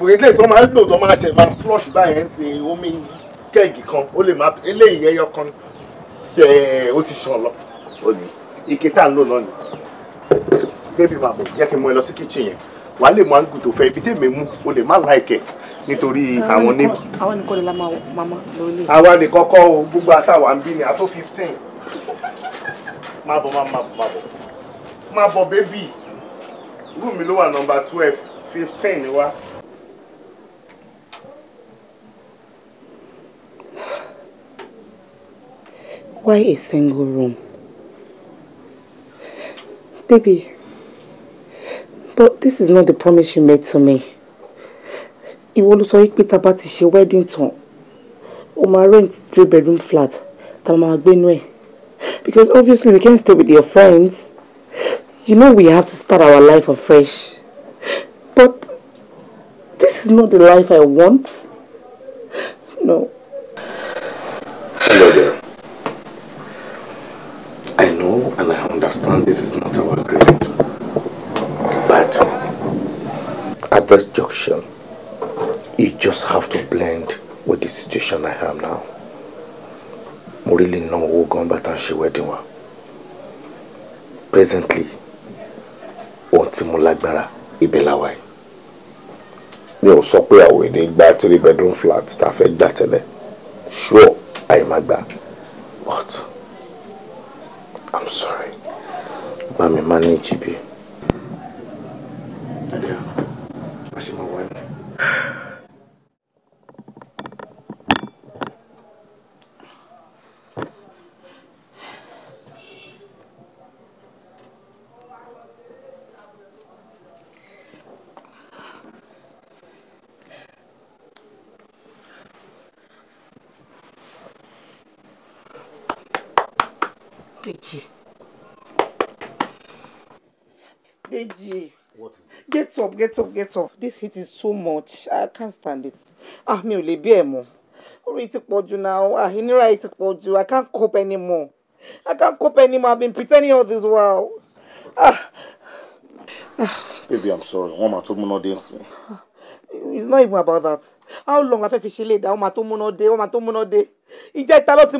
òyìnbó tó máa ń lò tó máa ṣe máa flush báyẹn ṣe omi kẹ́ẹ̀gì kan ó lè máa eléyìí ẹyọ kan ṣe ó ti ṣàn lọ. ike tá à ń lò náà ni. Baby, máa bọ̀ jẹ́ kí n mú ẹ lọ sí kíchìn yẹn wàá lè mú àǹgù tó fẹ́ ibi tèmi mú o lè má láìkẹ̀ nítorí àwọn níbi. àwọn nìkan lè la máa lórí. àwa nìkan kọ́ o gbogbo àtàwà ń bí ni àtó fifteen má bọ̀ má má bọ̀ má bọ̀ má bọ̀ bébí mi ló wà nọ́mbà twelve fifteen ni wá. Why a single room? Baby, But this is not the promise you made to me. You ló to pé tá party, she wedding to o rent three bedroom flat Because obviously we can't stay with your friends. You know we have to start our life afresh. But this is not the life I want. No. Hello there. I know and I understand this is not our agreement. But at this junction, you just have to blend with the situation I am now. really ná owó gan bá tá a wedding wa. Presently, ohun tí mo lágbára ibẹ̀ la wà yìí. Mi ò sọ pé àwọn ènìyàn gba three bedroom flat tá a fẹ́ gbà tẹ́lẹ̀. Sure, àyè máa gbà. But I'm sorry, bá mi manage bí. Nadia, masih mau kan? Deji. Deji. What is get up get up get up this heat is so much i can't stand it ah mi ò lè bí ẹ mọ́ orí ti pọ̀ jù náà ah ìnira yìí ti pọ̀ i can't cope anymore i can't cope anymore i've been pretending all this while ah. baby i'm sorry wọn máa tó no dé nsìn. it's not even about that how long la fẹ́ fi ṣe léda wọn máa tó múná dé wọn máa tó múná dé ìjẹta ló ti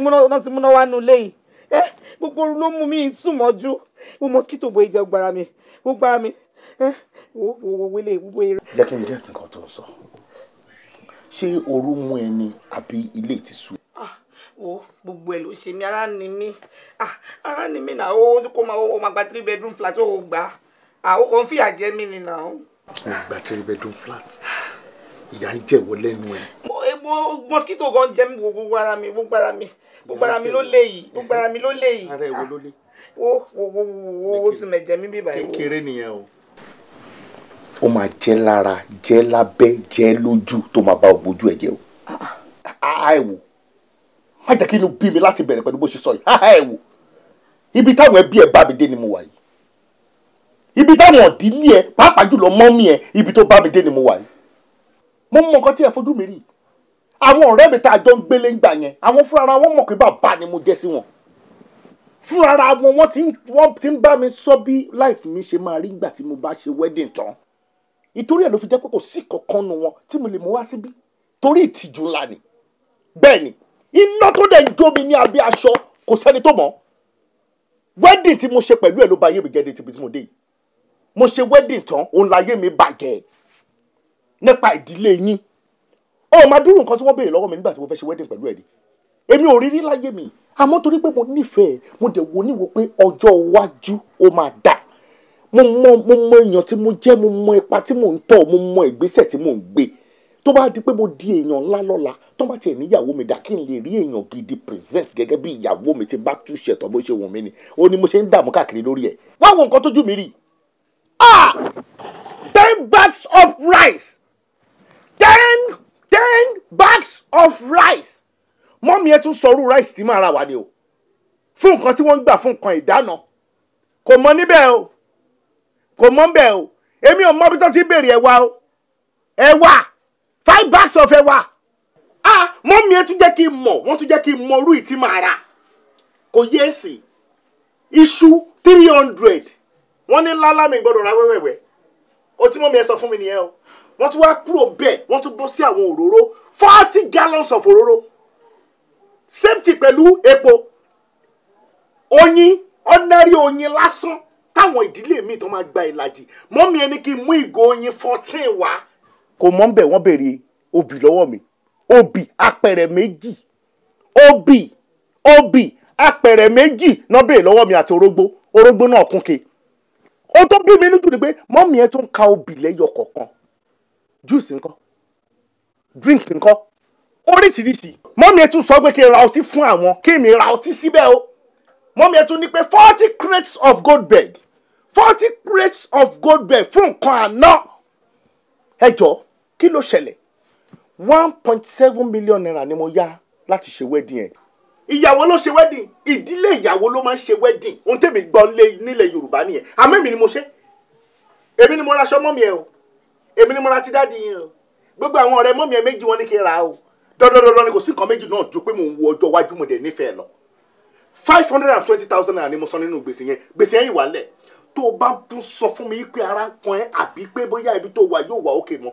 múná wá nu Eh? gbogbo ló mú mi sùn mọ́jú mo mosquito bo ìjẹ gbara mi gbogbo ara Eh? wele wele. jẹ́ kí n gẹ́tì nǹkan tó ń sọ ṣé ooru mú ẹ ni àbí ilé ti sú. Ah, wo gbogbo ẹ ló ṣe mí ara ni mí ah, ara ni mí náà ó kó máa ó máa gba three bedroom flat ó gbà àwọn ah, kan fìyà jẹ mí ni náà. ó gba three bedroom flat ìyá ń jẹ̀wọ́ lẹ́nu ẹ̀. E, mo mosquito gan jẹ mi gbogbo ara mi gbogbo ara mi gbogbo ara mi ló lè yìí gbogbo ara mi ló lè yìí. ara ẹ̀ wo ló lè. wo wo wo wo tún mẹ̀jẹ̀ mi bí báyìí. kékeré nìyẹn o ó máa jẹ́ lára jẹ́ lábẹ́ jẹ́ lójú tó máa bá ògbójú ẹ̀ jẹ́ o. ẹ wò má jẹ́ kí inú bí mi láti bẹ̀rẹ̀ pẹ̀lú bó ṣe sọ yìí ẹ wò ibi táwọn ẹbí ẹ bá mi dé ni mo wà yìí ibi táwọn ọ̀dílé ẹ pàápàá jùlọ mọ́mí ẹ ibi tó bá mi dé ni mo wà yìí mo mọ nǹkan tí ẹ fojú mi rí àwọn ọ̀rẹ́ mi tá a jọ ń gbélé ń gbà yẹn àwọn fúnra wọn mọ̀ pé bàbá ni mo jẹ́ sí wọn fúnra wọn wọ́n ti ń bá mi sọ bí life mi ṣe máa rí nígbà tí mo bá ṣe wedding tán ìtorí ẹ̀ ló fi jẹ́ pé kò sí kankan nu wọn tí mo lè mú wá síbí torí ìtìjú ńlá ni bẹ́ẹ̀ ni iná tó dẹ̀ ń jó mi ní abẹ́ aṣọ kò sẹ́ni tó mọ̀ wedding tí mo ṣe pẹ̀lú ẹ̀ ló ba ayé mi jẹ́ de tìbí tí mo dé yìí mo ṣe wedding tán òun láyé mi bàjẹ́ nípa ìdílé yín ọ̀hún máa dúró nǹkan tí wọ́n béèrè lọ́wọ́ mi nígbà tí mo fẹ́ ṣe wedding pẹ̀lú ẹ̀ ni èmi ò rí láyé mi àmọ́ torí pé mo nífẹ̀ẹ́ mo dẹ̀ wo níwò pé ọjọ́ iwájú ó máa dáa mo mọ èèyàn tí mo jẹ́ mo mọ ipa tí mò ń tọ̀ mo mọ ìgbésẹ̀ tí mò ń gbé tó bá di pé mo di èèyàn ńlá lọ́la tó bá tiẹ̀ níyàwó mi dà kí n lè rí èèyàn gidi present gẹ́gẹ́ bí ìyàwó mi ti bá túṣe tọ́ bó ṣe wù mí ni ó ní mo ṣe ń dààmú káàkiri lórí ẹ̀ wá wo nǹkan tójú mi rí ah ten bags of rice ten ten bags of rice mọ́mí ẹ tún sọrú rice tí màá ra wá ni o fún nǹkan tí wọ́n ń gbà fún nǹkan ìdáná kò mọ níbẹ̀ o kò mọ́ bẹ́ẹ̀ o èmi ò mọ bí tó ti béèrè ẹ̀wà o ẹ̀wà five bags of ẹ̀wà ah mọ́mí ẹ tún jẹ́ kí n mọ̀ wọ́n tún jẹ́ kí n mọ orú ìtì máa rà kò yé èsì iṣu three hundred wọ́n ní lálá mi gbọ́dọ̀ ra wẹ́wẹ́wẹ́ o tí mọ́mí ẹ sọ fún mi nìyẹn o wọ́n tún wá kúrò bẹ́ẹ̀ wọ́n tún bọ́ sí àwọn òróró forty gallons of òróró safety pẹ̀lú epo oyin ordinary oyin lásán táwọn ìdílé mi tó máa gba ìlàjì mọ́mí ẹni kí n mú ìgò oyin fourteen wá. kò mọ̀ ń bẹ̀ wọ́n béèrè obì lọ́wọ́ mi obì apẹ̀rẹ̀ méjì obì obì apẹ̀rẹ̀ méjì náà béèrè lọ́wọ́ mi àti orógbó orógbó náà kúnke ó tó bí mi lójú ni pé mọ́mí ẹ tó ń ka obì lẹ́yọ kọ̀ọ̀kan juice ńkọ́ drink ńkọ́ oríṣiríṣi mọ́mí ẹ tún sọ pé kí n ra ọtí fún àwọn kí mi ra ọtí síbẹ̀ o mọ́mí ẹ tún ní pé forty crates of Goldberg forty crates of gold bed fún nǹkan àná ẹ jọ kí ló ṣẹlẹ̀ one point seven million naira ni mo yá láti ṣe wedding ẹ. ìyàwó ló ṣe wedding ìdílé ìyàwó ló máa ń ṣe wedding ohun tèmi gbọ́ nílẹ̀ yorùbá nìyẹn àmọ́ èmi ni mo ṣe èmi ni mo ra aṣọ mọ́mì ẹ o èmi ni mo ra ti dáàdi yẹn o gbogbo àwọn ọ̀rẹ́ mọ́mì ẹ méjì wọn ní kí n ra o dandandandan ni kò sí nǹkan méjì náà ju pé mò ń wo ọjọ́ iwájú mo nífẹ̀ẹ́ lọ five hundred and twenty thousand naira ni mo san nínú gbèsè yẹn gbèsè yẹn ìwà lẹ̀ tó o bá tún sọ fún mi pé ara ń kan ẹ́ àbí pé bóyá ibi tó wà yóò wà òkè mọ́.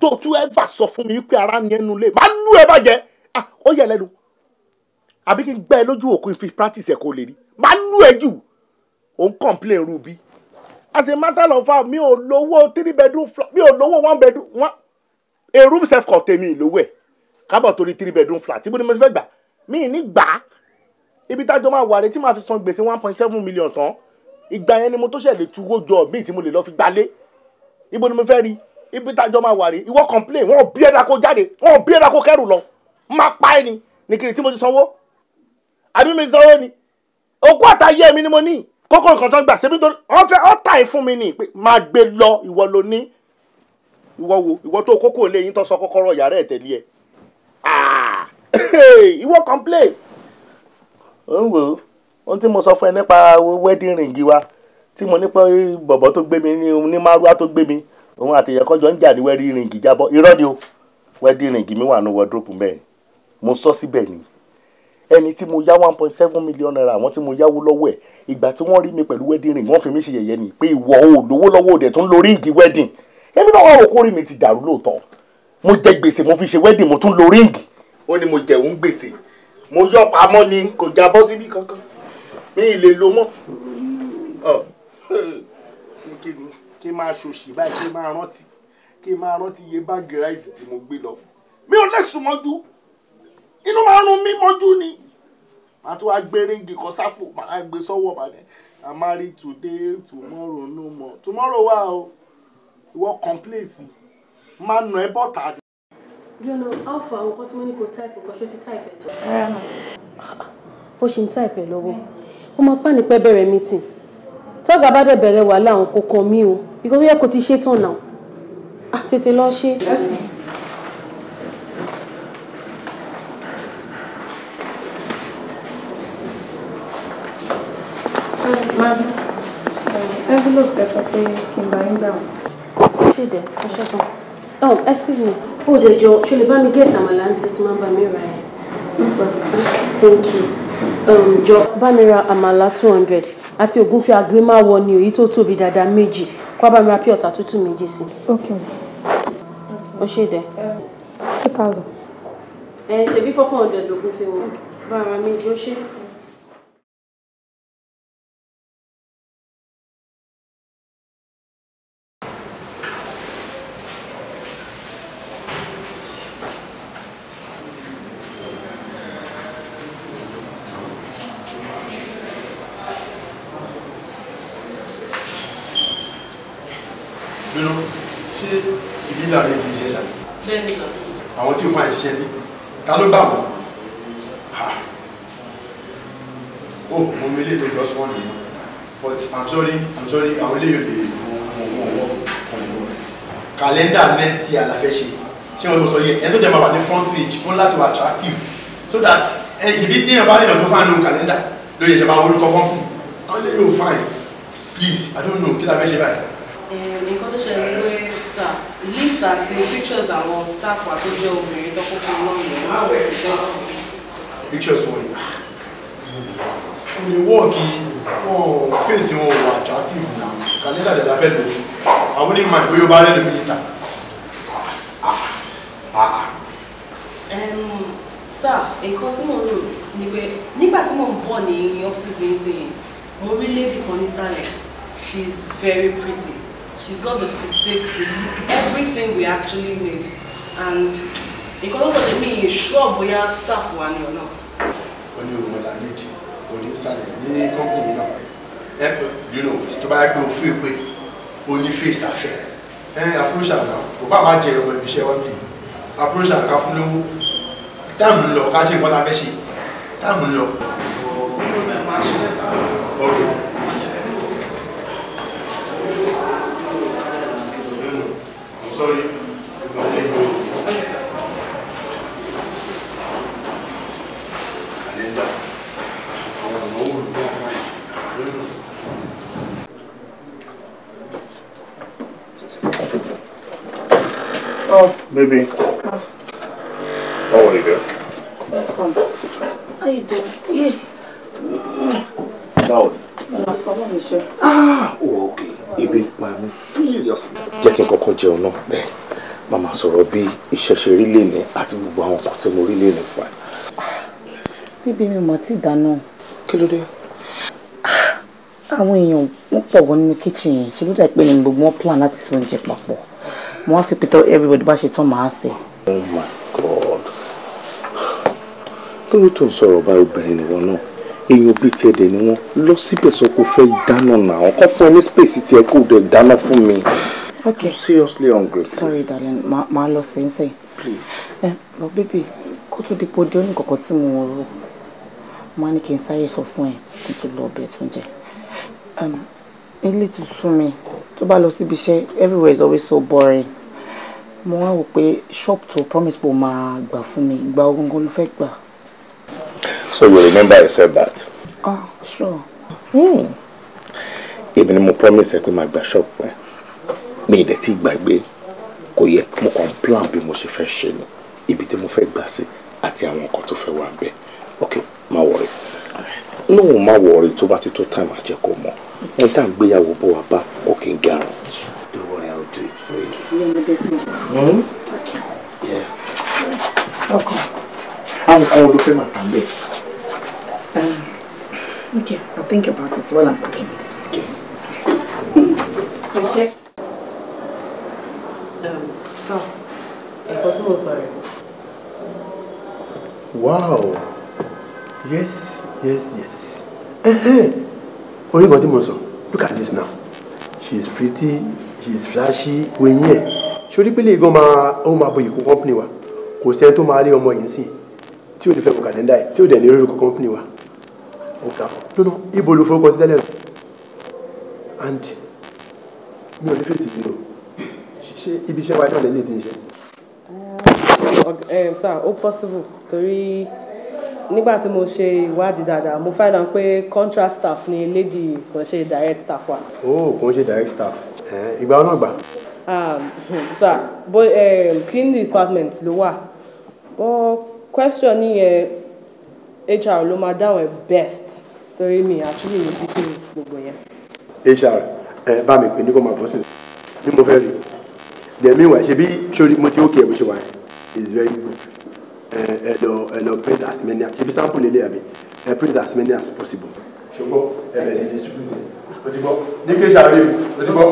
tó o tún ẹ bá sọ fún mi pé ara ni ẹnu lè máa lù ẹ bàjẹ́ ah, ó yẹ lẹ́nu àbí kí n gbẹ́ ẹ lójú òkun fi practice ẹ̀ kó lè rí máa lù ẹ jù òun complain rúbi as a matter of fact mi ò lówó three bedroom flat mi ò lówó one bedroom one a room self contained mi ìlówó ẹ̀ kábọ̀ torí three bedroom flat ibo ni mo ti fẹ́ gbà mí ní gbà á ibi tájọ máa wà rẹ tí màá fi san gbèsè one point seven million tán ìgbà yẹn ni mo tó ṣẹlẹ̀ tu owó jọ bíi tí mo lè lọ fi gbalé ibo ni mo fẹ́ rí ibi tájọ máa wà rẹ ìwọ complain wọn ò bí ẹ̀dá kó jáde wọn ò bí ẹ̀dá kó kẹ́rù lọ má pa ẹni nìkiri tí mo ti sanwó àbí mi sanwó ni òkú àtàyé mi ni mo ní kókó nǹkan tó ń gbà ṣe bí ọ̀tá ẹ̀ fún mi ní pé máa gbé lọ ìwọ lo ní ìwọ wo ìwọ tó kókó lé yín tó sọ kọ́kọ́rọ́ yàrá ẹ̀ tẹ̀lé ẹ̀ ah! ìwọ complain ń wò ó ohun tí mo sọ fún ẹ nípa wedding ring wa tí mo ní pé bọ̀bọ̀ tó gbé mi ní márúwá tó gbé mi òun àti ìyẹn kọjọ ń jà ní wedding ring jábọ́ irọ́ ni o wedding ring mi wà ní wardrobe mẹ́ẹ̀ mo sọ síbẹ̀ ni ẹni tí mo yá one point seven million naira àwọn tí mo yáwó lọ́wọ́ ẹ̀ ìgbà tí wọ́n rí mi pẹ̀lú wedding ring wọ́n fi mí ṣe yẹ̀yẹ́ ni pé ìwọ ò lówó lọ́wọ́ òde tó ń lo ríǹgì wedding èmi náà wà wò kórè mi ti dàrú lóòótọ́ mo jẹ gbèsè mo fi ṣe wedding mo tún lo ríǹgì ó ní mo jẹ̀wọ́ gbèsè mo yọ pamọ́ ni kò jábọ́ síbi kankan mi ì lè lo mọ́ kí n máa ṣòṣì báyìí kí n máa rántí kí n máa rántí iye báàgì ráìsì tí mo gbé lọ mi ò lẹ́sùn mọ́jú inú máa ń rún mí mọ́jú ni màá tún wá gbé ríngì kan sápò màá gbé sọ́wọ́ balẹ̀ i marry today tomorrow no more tomorrow wa o ìwọ complain sí máa nà ẹ́ bọ́ta ni jọ́nà alpha àwọn kan tí mo ní kò táìpù kan ṣó ti táìpù ẹ̀ tó. rárá mà ó ṣì ń táìpù ẹ̀ lọ́wọ́ ó máa pàní pẹ́ meeting tọ́gà bá dẹ̀ bẹ̀rẹ̀ wàhálà àwọn kọ̀ọ̀kan mi o because ó yẹ kó ti ṣe tán náà à ah, tètè lọ ṣe. envelope ẹ̀fọ́ pé kí n bá yín gbà wọ́n. Oh, excuse me. Oh, the job. Ṣé o buy me get àmàlà níbi tó ti máa ń bá mi Thank you. Um, jọ bá mi ra àmàlà two hundred àti ògúnfẹ̀ àgbémáwọ̀ ni èyí tó tóbi dáadáa méjì kó a bá mi ra pí ọ̀tà tútù Okay. O ṣe dẹ. Two thousand. Ẹ ṣe bí four hundred lògùn fi wọ̀ calendar next year la fẹ́ ṣe ṣé wọn lọ sọ yẹ ẹni tó dẹ̀ máa wà ní front page fún láti wà attractive so that ibi tí èèyàn bá lè yàn tó fáwọn ohun calendar ló yẹ ṣe máa orúkọ wọn kù kán lè yóò fine please i don't know kí la fẹ́ ṣe báyìí. nǹkan tó ṣẹlẹ̀ ló yẹ list àti pictures àwọn staff wa tó jẹ́ obìnrin tó kún fún lọ́yìn pictures wọn ni ó lè wọ́ọ̀kì wọn ò fèsì wọn ò attractive náà calendar dẹ̀ la fẹ́ lò àwọn onímọ̀ ìpè yóò bá rẹ̀ lómi níta. sá nǹkan tí mo rò ni pé nígbà tí mò ń bọ̀ ní ọ́fíìsì nísìnyí mo rí lady kan nísàlẹ̀ she is very pretty she has got the physique the look everything we actually need and nǹkan tó tọ̀lé mi sure, bóyá staff wa ni or not. ó ní ogun mẹ́ta nídìí kò ní sàlẹ̀ ní kọ́ńpìnì náà ẹ ẹ dùnú tó bá yẹ pé o fún ìpè oní face ta fẹ́ ẹ approach àga kò bá máa jẹ ẹ̀wọ̀n ibiṣẹ́ wọn bí approach àga fún lówó táàmù ń lọ ká ṣe nǹkan tá a fẹ́ ṣe táàmù lọ. sorry. up. Baby. Huh? How are you doing? Welcome. How you doing? Yeah. Báwo ni? Ọmọ mi Ah, oh, okay. Ebi ń pa mi seriously. Jẹ́ kí n kọ́kọ́ jẹun náà bẹ́ẹ̀. Màmá sọ̀rọ̀ bí iṣẹ́ ṣe rí lè ní àti gbogbo àwọn nǹkan tí mo rí lè ní fún ẹ. Bíbí mi mọ̀ tí ìdáná. Kí ló dé? Ah, àwọn èèyàn wọ́n pọ̀ gan nínú kíchìn yẹn. Ṣé ló dà pé ni gbogbo wọn plan mo wá fi pété everybody bá ṣe tán màá sè. oh my god lórí tó ń sọ̀rọ̀ bá obìnrin nìwọ náà èèyàn bíi tiẹ̀ dẹ̀ ni wọ́n lọ síbẹ̀ sọ pé o fẹ́ dáná náà kọ́ fún ẹ ní space tiẹ̀ kó o dẹ̀ dáná fún mi. okay I'm seriously hungry please. sorry darling ma ma lọ sí sẹ́yìn. please. ẹ lọ bíbí kó tó dípò di oníkọ̀kọ̀ tí mo rò máa ní kí n sáyè sọ fún ẹ kó tó lọ ọbẹ̀ tó jẹ ilé ti sú mi tó bá lọ síbi iṣẹ́ everywhere is always so boring mo wá wò pé shop to promise pé o máa gbà fún mi ìgbà ogungun ló fẹ́ gbà. so you remember I said that. ah sure. Hmm. èmi ni mo promise ẹ pé màá gba shop rẹ mi ì dẹ̀ ti gbàgbé kò yẹ mo kàn plan bí mo ṣe fẹ́ ṣe ni ibi tí mo fẹ́ gbà sí àti àwọn nǹkan tó fẹ́ wà ń bẹ̀ ok má wọrí no má wọrí tó bá ti tó time àjẹkọ̀ọ́ mọ́ ẹni tá à ń gbéyàwó bọ̀ wá bá kò kí n garun don't Okay. I'll do it for you. ìyọmọdé sí hmm? i. ọkọ. àwọn kan ló fẹ́ máa tà ń bẹ̀. Um, okay, I'll think about it while I'm cooking. Okay. Okay. Um, so, it was no sorry. Wow. Yes, yes, yes. Uh-huh orí ìbọn mo sọ look at this now she is pretty she is flashy oyin ẹ̀ sórí pélé gan máa ó máa bọ ìkó company wa kò sẹ́ni tó máa rí ọmọ yìí sí tí ò ní fẹ́ kọ kàlẹ́ndà ẹ̀ tí ò dẹ̀ ní orí ìkó company wa ó ga fún lónà ibo ló forúkọ tẹ́lẹ̀ rẹ̀ and mi ò ní fèsì yìí o ṣe ibi iṣẹ́ wa náà lè lè ti ń um, um, sir ó possible torí nígbà tí mo ṣe ìwádìí dáadáa mo find out pé contract staff ni lady kò ṣe direct staff wa. oh kò ń ṣe direct staff ìgbà ọ̀nà gbà. Um, sir bo um, eh, clean department ló wà but question yẹn HR ló máa dáhùn ẹ best torí mi àtúnyìn ní details gbogbo yẹn. HR ẹ bá mi pè ní kó máa bọ́ sí i ni mo fẹ́ rí i dẹ̀ mi ṣe bí mo ti ó kí ẹ bó ṣe wà is very good ẹ lọ ẹ print as many as ṣebi sample lele àbí ẹ print as many as possible. ṣùgbọ́n ẹ bẹ̀rẹ̀ sí distribute o ti gbọ́ Go. kí n ṣàlàyé mi Go. ti gbọ́.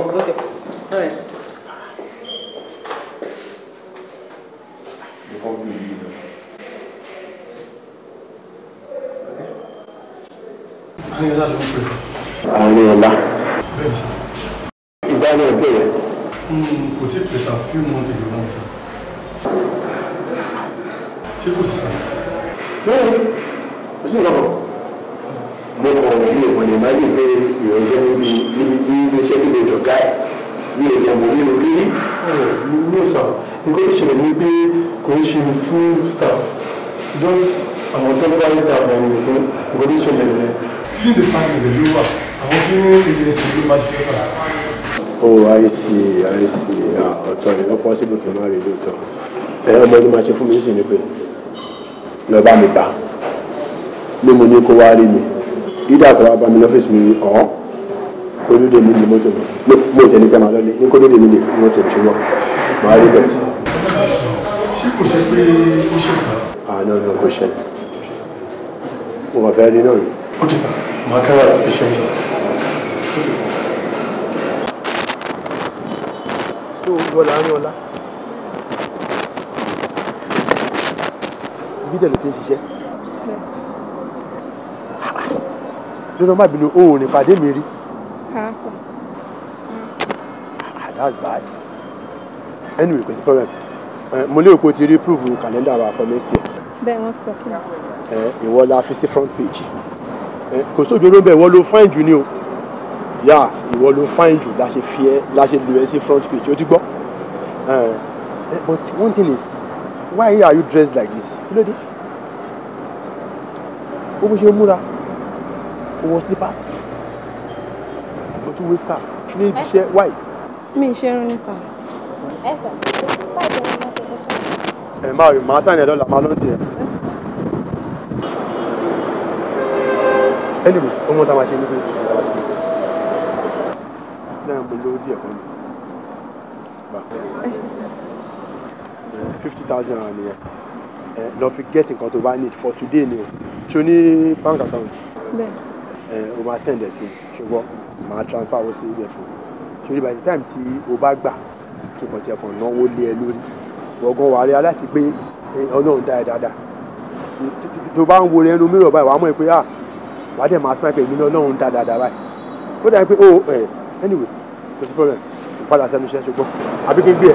àárín ọ̀la. ìbáraẹni ẹgbẹ́ yẹn. kò tí ì pèsè àfihàn ọ̀dẹ̀ ìlú náà sọ ṣé kò sí. bẹ́ẹ̀ kò sí nǹkan mo kàn wọ́n mi ò lè má yí pé ìrànjẹ́ níbi níbi ní iṣẹ́ tí mo jọ ká ẹ̀ mi ò lè mọ̀ nínú rírí. ló sà nǹkan tó ṣẹlẹ̀ ni pé kò ń ṣe full staff just àwọn temporary staff ẹ̀yìn nìkan nǹkan tó ṣẹlẹ̀ nìyẹn. kí ló dé pàdé ìlú wà àwọn tí ó ń ṣe ṣe ló máa ṣiṣẹ́ fà. Oh, I see, I see. Ah, ọ̀tọ̀ ni lọ́pọ̀ síbùkún máa rí lóòótọ́. Ẹ ọmọ ọdún máa ṣe fún mi sí ni pé lọ bá mi bà ní mo ní kó wá rí mi dídà kó wá bá mi lọ́fíìsì mi ọ̀ kólódé mi ní mọ́tò mo tẹ̀lé pẹ́ máa lọ́lé ní kólódé mi ní mọ́tò ṣùgbọ́n máa rí bẹ́ẹ̀. ṣé kò ṣe pé ó ṣe fà àná náà kò ṣe mo kàn fẹ́ rí náà ni. ok sir màá kára àti iṣẹ́ mi. so wọ́n là ń ọlá. ibi tẹ̀lé ti ń ṣiṣẹ́ lọ́nà má bínú o ò rìn pàdé mi rí. Ah, that's bad anyway kò sí problem eh, mo lérò pé o ti rí proof kàlẹ́ndà wa for next year. bẹ́ẹ̀ wọ́n sọ fún mi. Eh, ìwọ la fi front page eh, kò sójú olóńgbẹ ìwọ ló fine jù ni o yà ìwọ ló fine jù la ṣe fi ẹ la ṣe front page o ti gbọ́ but one thing is why are you dressed like this kí ló dé ó bó ṣe múra ó wọ slippers ó tún wé scarf ní ibi iṣẹ́ why. mi ṣe irun ní sàn. ẹ sàn báyìí jẹ́ ẹni máa tẹ̀lé fún mi. ẹ máa rí màá sàn ẹ̀ lọ́la máa ló tiẹ̀. anyway ọmọ tá a máa ṣe níbi ìgbà tá a máa ṣe níbi náà mo lówó díẹ̀ kan ní. ẹ ṣe sàn fifty thousand naira nìyẹn ẹ lọ fi get nǹkan tó bá need for today ni o ṣo ní bank account ẹ o máa send ẹ sí ṣùgbọ́n màá transfer owó sí ibẹ̀ fún un ṣòrí by the time tí o bá gbà kí nǹkan tí ẹ kàn náwó lé ẹ lórí gbọ̀ngàn wàá rí aláìsí pé ọlọ́run dá ẹ dáadáa tó bá ń wo rẹ ẹnu mìíràn báyìí wàá mọ̀ pé ah wàá dẹ̀ máa smile pé èmi náà ọlọ́run dá dáadáa báyìí ó dàbí pé oh anyway kò sí problem padà sẹ́nu iṣẹ́ ṣùgbọ́n àbí kí n gbé ẹ.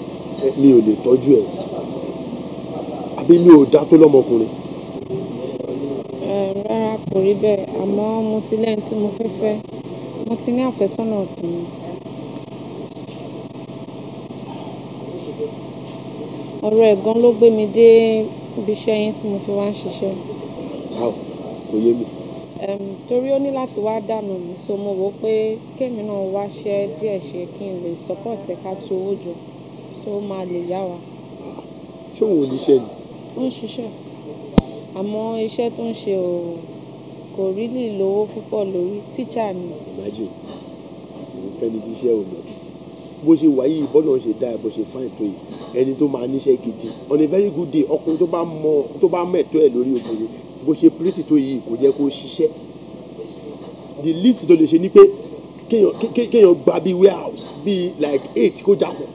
mi ò lè tọ́jú ẹ̀ àbí mi ò dá tó lọ́mọkùnrin. rárá kò rí bẹ́ẹ̀ àmọ́ mo ti lẹ́yìn tí mo fẹ́ fẹ́ mo ti ní àfẹ́sọ́nà ọ̀tún. ọ̀rọ̀ ẹ̀gán ló gbé mi dé ibi iṣẹ́ yín tí mo fi wá ń ṣiṣẹ́. báwo kò yé mi. torí ó ní láti wá dànù mi so mo rò ó pé kémi náà wáṣẹ́ díẹ̀ ṣe kí n lè support ẹ̀ka tó owó jọ so ó máa lè yá wa. ṣé òun ò ní iṣẹ́ ni. ó ń ṣiṣẹ́ àmọ́ iṣẹ́ tó ń ṣe ò kò rí lè lówó púpọ̀ lórí tíṣà ni. ìmájì òun fẹ́ ni tí iṣẹ́ ò lọ títí bó ṣe wà yìí bọ́lá ṣe dáa bó ṣe fáìn tó yìí ẹni tó máa níṣẹ́ gidi on a very good day ọkùnrin tó bá mọ tó bá mọ ẹ̀tọ́ ẹ̀ lórí obìnrin bó ṣe pírítì tó yìí kò jẹ́ kó ṣiṣẹ́ the least tó lè ṣe ni pé kéèyàn gba bíi warehouse bíi like eight kó jápọ̀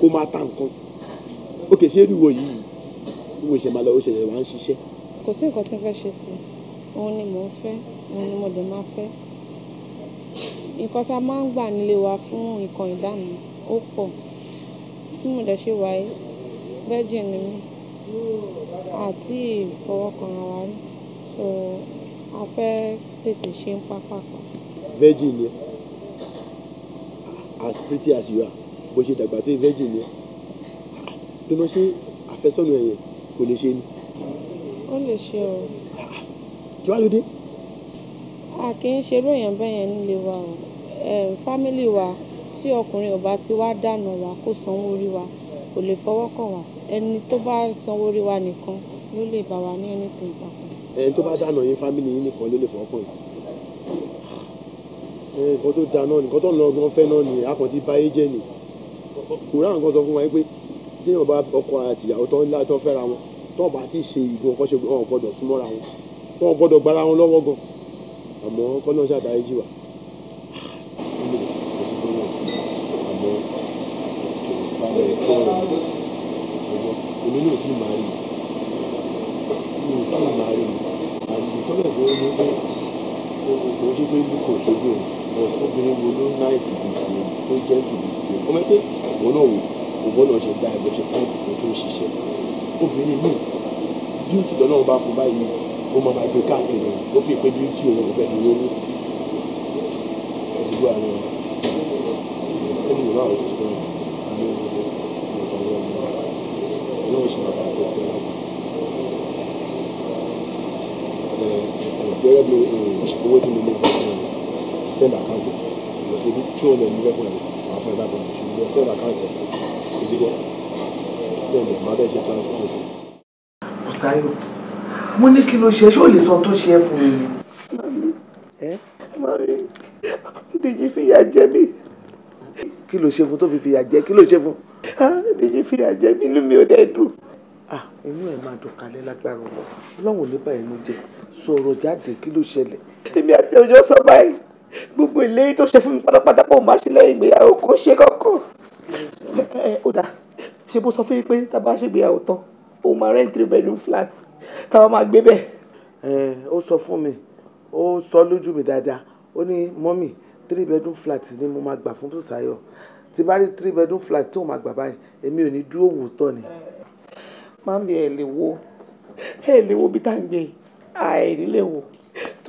kó máa ta nǹkan òkè ṣé irú ìwọ yìí ìwọ ìṣẹ̀ máa lọ ó ṣẹ̀ṣẹ̀ wá ń ṣiṣẹ́. kò sí nǹkan tí n fẹ́ ṣe sí òun ni mò ń fẹ́ òun ni mo dẹ̀ máa fẹ́ nǹkan tá a máa ń gbà nílé wa fún nǹkan ìdáná ó pọ̀ bí mo dẹ̀ ṣe wáyé virgin ni mí àti ìfọwọ́kanra wa rí so a fẹ́ tètè ṣe ń pápákọ̀. virgin ni as pretty as you are bó ṣe dàgbà tó virgin ni tó lọ ṣe àfẹ́sọ́nù ẹ̀yẹ kò lè ṣe ni. ó lè ṣe o. kí wàá ló dé. a kì í ṣerú èèyàn bẹ́ẹ̀ nílé wa o fámílì wa tí ọkùnrin ọba ti wá dànù wa kó sanwó orí wa kò lè fọwọ́ kàn wá ẹni tó bá sanwó orí wa nìkan ló lè bá wa ní ẹni tó ìgbà kan. ẹni tó bá dànù yín fámílì yín nìkan ló lè fọwọ́ kàn yín nǹkan tó da náà nǹkan tó ń lọ gan fẹ́ náà nìyẹn a kàn jẹ́ nìyẹn kùrán nǹkan sọ fún wa pé tí yóò bá ọkọ àtìyàwó tó ń lá tó fẹ́ra wọn tó bá ti ṣe ìgbọ̀n kọ́ ṣe wọn gbọ́dọ̀ súnmọ́ra wọn wọn gbọ́dọ̀ gbára wọn lọ́wọ́ gan àmọ́ kọ́ náà tí màá rí pé kò ń ṣe but obìnrin wo ló náà ìsìnkú tiẹ̀ tó jẹ́ ìdìbò tiẹ̀ ọmọ ẹgbẹ́ òun náà wò kò bọ́ọ̀nà ṣe dá ẹgbẹ́ ṣe fún ìdìbò tó ń ṣiṣẹ́ obìnrin míì bíútì lọ́nà ọba fún báyìí ó máa máa gbé káàkiri ó fi pé bíútì òun kò fẹ́ fi wọ́n mú ìdìbò àwọn ẹni ìlú àwọn ìdìbò àwọn ọlọ́run ṣe máa bá a kó sí ẹ̀rọ gẹ́gẹ́ bí owó tí mo mú fún ẹ̀ send account ẹ̀ òṣèlú tí ó lọ ní rẹ́pọ̀ ẹ̀ máa fẹ́ láti ọ̀nà ṣùgbọ́n send account ẹ̀ òṣèlú send ẹ̀ máa bẹ́ẹ̀ ṣe transparency. ọ̀sáyò mo ní kí ló ṣe ṣó lè sọ tó ṣe fún mi. mami dèjì fìyà jẹ mí. kí ló ṣe fún tó fi fìyà jẹ kí ló ṣe fún. Ah, dèjì fìyà jẹ mí inú mi ò dẹ́ dùn ah, inú ẹ máa dùn kalẹ̀ lágbára ọlọ́run ò ní bá ẹnu jẹ sọ̀rọ̀ jáde kí ló ṣẹlẹ̀. èmi àti ọjọ́ sọ báyìí gbogbo ìlérí tó ṣe fún mi pátápátá kò má ṣe lẹ́yìn ìgbéyàwó kò ṣe kọ́kọ́ ó dà ṣe bó sọ fún yín pé tá a bá ṣègbéyàwó tán òun máa rent three bedroom flat táwọn máa gbé bẹ́ẹ̀. ẹ ó sọ fún mi ó sọ lójú mi dáadáa ó ní mọ́mì three bedroom flat ni mo máa gbà fún Bùsáyọ̀ tí bá rí three bedroom flat tí òun máa gbà báyìí èmi ò ní dúró wò tọ́ ni. máa ń bí ẹ lè wo ẹ lè wo bí tá à ń gbé àìrí lè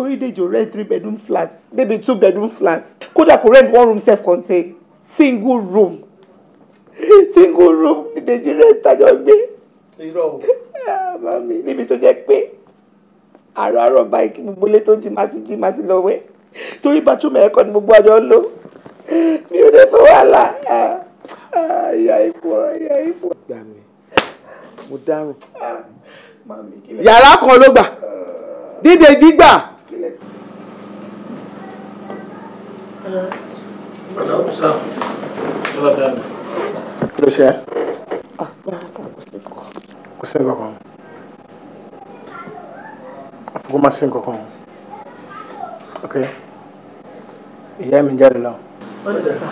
torí Deji ò rent three bedroom flat maybe two bedroom flat kódà kò rent one room self contained single room single room Deji rent tajọ gbé. irọ́ o. Ah, mami níbi tó jẹ́ pé àárọ̀ àárọ̀ báyìí kí gbogbo ilé tó jí máa ti jí máa ti lọ wẹ̀ torí bathroom ẹ̀kọ́ ni gbogbo àjọ ń lò mi ò dé fẹ́ wàhálà ah, ah, ìyá ipò ìyá ipò. gbà mí mo dárùn. yàrá kan ló gbà Deji gbà minute. Madam, sir. Kí ló ṣe ẹ́? Ah, kò sí nǹkan kan. Àfikún máa sí nǹkan kan. Ok. Ìyá mi jáde lọ. Ó lè dẹ̀ sá.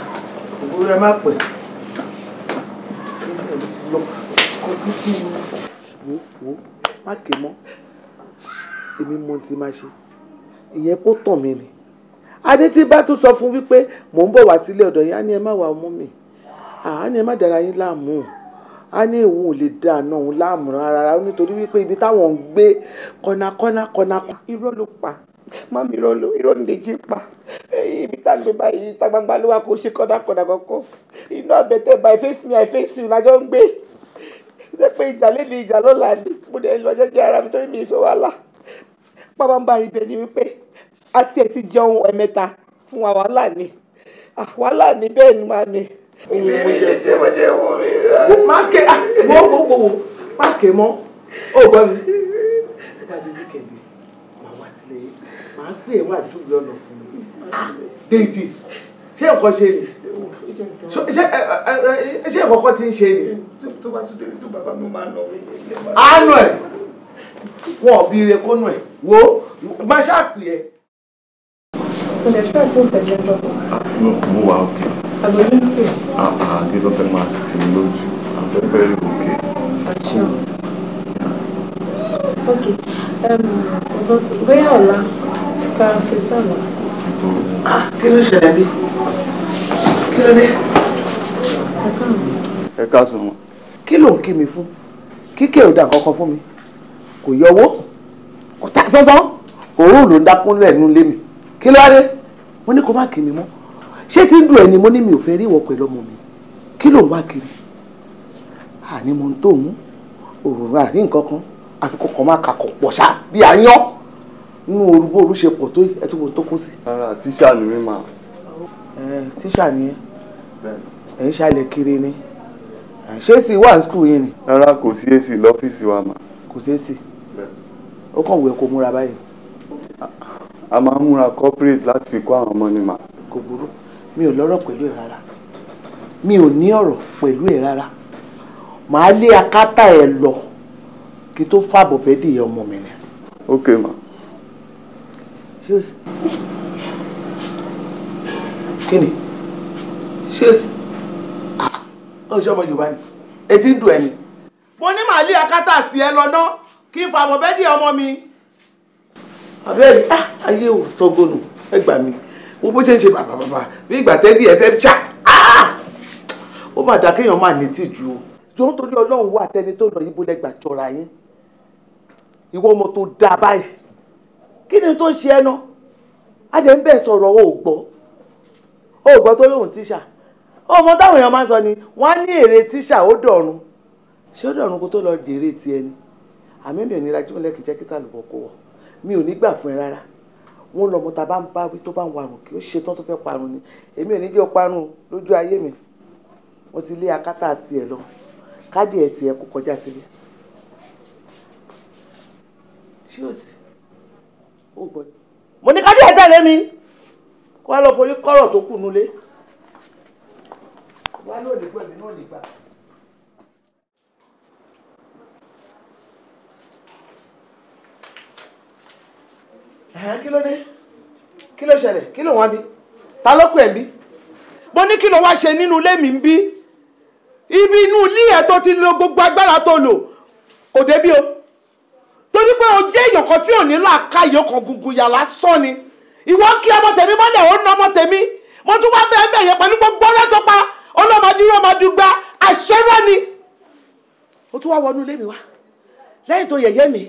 Òwúrọ̀ ẹ má pè. Ìyá mi ti lọ. Ojú sí mi. Wo wo má ké mọ́. Èmi mọ ti máa ṣe ìyẹn kó tàn mí ni adé tí bá tún sọ fún wípé mò ń bọ̀ wá sílé ọ̀dọ̀ yẹn á ní ẹ má wà ọmú mi á ní ẹ má dára yín láàmú á ní ìwọ̀n ò lè dá àná òun láàmú rárá nítorí wípé ibi táwọn ń gbé kọ́nàkọ́nà kọ́nàkọ́. irọ́ ló pa mami irọ́ ló irọ́ ní dèjì pa ibi tá gbé báyìí ìta gbangba ló wà kó ṣe kọ́nàkọ́nà kọ́kọ́ inú àbẹ̀tẹ̀ by face me I face you lájọ́ ń gbé ṣé pé ìjà lé ní ìjà lọ́la ni mo dẹ̀ lọ jẹ́jẹ́ ara mi torí mi ìfẹ́ wàhálà bàbá ń bá rí bẹ́ẹ̀ ni wípé àti ẹ̀ ti jẹun ẹ̀mẹ́ta fún wa wàhálà ni wàhálà ni bẹ́ẹ̀ ni máa mi. ilé mi jẹ sí mo ṣe wọ mi. má kẹ́ wọ́n wọ́n wọ́n wọ́n má kẹ́ mọ́ ó gbọ́ mi. ó bá di wíkẹ̀ndì máa wá sílẹ̀ yìí máa gbé ẹ̀wọ̀n àdúgbò ọ̀nà fún mi. Ah, déètì ṣé nǹkan ṣe ni ṣé nǹkan kan ti ń ṣe ni. tó bá tún délé tó bàbá mi máa nọ. àánú ẹ̀ wọn ò bí ire kónú ẹ̀ wo má ṣáàpì ẹ̀. mo lè ṣe àìkú ìtẹ̀jẹ̀ lọ. mo wà òkè. àbójú ń sè. àgẹ́dọ̀ fẹ́ máa ti mi lójú afẹ́fẹ́ rẹ̀ ok bóyá ọ̀la ká fi sọ̀rọ̀. Ah, kí ló ṣẹlẹ̀ bí? kí ló dé? ẹ káàsán. ẹ káàsán. kí ló ń kí mi fún? kíkẹ́ ò da kankan fún mi kò yọ owó kò ta sánsán òórùn ló ń dákúnlẹ̀ nínú ilé mi kí ló wá dé mo ní kó má kí mi mọ́ ṣé tí ń dùn ẹ̀ mo ní mi ò fẹ́ rí ìwọ pẹ̀lú ọmọ mi kí ló ń wá kiri àní mo ń tó mú òòrùn àní nǹkan kan àfi kọkàn máa kà kọ pọ̀ ṣá bí àyán nínú orúkọ orú ṣe pọ̀ ẹ tí mo tó kó sí. rárá tíṣà ni mí máa. tíṣà ni ẹ ń ṣàlẹ̀ kiri ni ṣé èsì wà ní skul yìí ni. rárá kò sí èsì lọ́fíìsì wa mà. kò sí èsì ó kàn wẹ̀ kó múra báyìí. a máa ń múra corporate láti fi kó àwọn ọmọ ni mà. kò burú mi ò lọ́rọ̀ pẹ̀lú ẹ̀ rárá mi ò ní ọ̀rọ̀ pẹ̀lú ẹ̀ rárá màá lé akátá ẹ̀ lọ kí tó fàbọ̀ bẹ́ẹ̀ dìyẹ ọmọ mi ni. ok ma. ṣé o sì. kí ni ṣé o sì. ah ọ̀ṣọ́ ọmọ yorùbá ni etí ń dùn ẹ ni. mo ní màá lé akátá àti ẹ lọ náà kí n fàbọ̀ bẹ́ẹ̀ dì ọmọ mi. àbẹ́rẹ́ ah ayé ò sọ́gbọ́nù ẹ gbà mí wọ́n bó ṣe ń ṣe bàbà bàbà bí ìgbà tẹ́lẹ̀ ẹ fẹ́ ṣá ah! ó mà dá kéèyàn máa ní tìjú o jọ ń torí ọlọ́run wà tẹni tó lọ yíbo lẹ́gbàá jọra yín ìwọ ọmọ tó dáa báyìí kí ni tó ń ṣe ẹ náà á jẹ́ ń bẹ̀ sọ̀rọ̀ o gbọ́ o gbọ́ tó lóhùn tíṣà ọmọ táwọn èèyàn máa ń sọ ni wọ́n á ní èrè tíṣà ó dọ̀run ṣé ó dọ̀run kó tó lọ dèrè tiẹ̀ ni àmì mi ò ní rajú lẹ́kì jẹ́ kí tàlùbọ̀ kó wọ̀ mi ò ní gbà fún ẹ rárá wọn lọmọ tá a bá ń bá wí tó bá ń warùn kí ó ṣe tán tó fẹ́ parun ni èmi ò ní jẹ́ parun lójú ayé mi wọ́n ti lé akátá tiẹ̀ lọ káàdì ẹ̀ tiẹ̀ kó kọjá síbi ṣé o sì ó gbọ́ mo ní káàdì ẹ̀ tẹ̀lé mi kó wá lọ forí kọ́rọ̀ tó kù nulẹ̀ wá lónìí pẹ̀lú náà nígbà. ẹ̀ kí ló dé kí ló ṣẹlẹ̀ kí ló wọ́n bí ta ló pè ń bí mo ní kí ló wá ṣe nínú ilé mi ń bí ibi inú ilé ẹ̀ tó ti lo gbogbo agbára tó lò kò débí o torí pé o jẹ́ èèyàn kan tí ò ní làákàyè kan gungun yà lásán ni ìwọ kí ọmọ tèmi mọ́lẹ̀ ó ná ọmọ tèmi mo tún wá bẹ́ẹ̀ bẹ́ẹ̀ yẹn pẹ̀lú gbogbo ọ̀rẹ́ tó pa ọlọ́mọdé ọmọdé gba àṣẹwọ́ ni o tún wá wọnú ilé mi wá lẹ́yìn tó yẹ̀yẹ́ mi.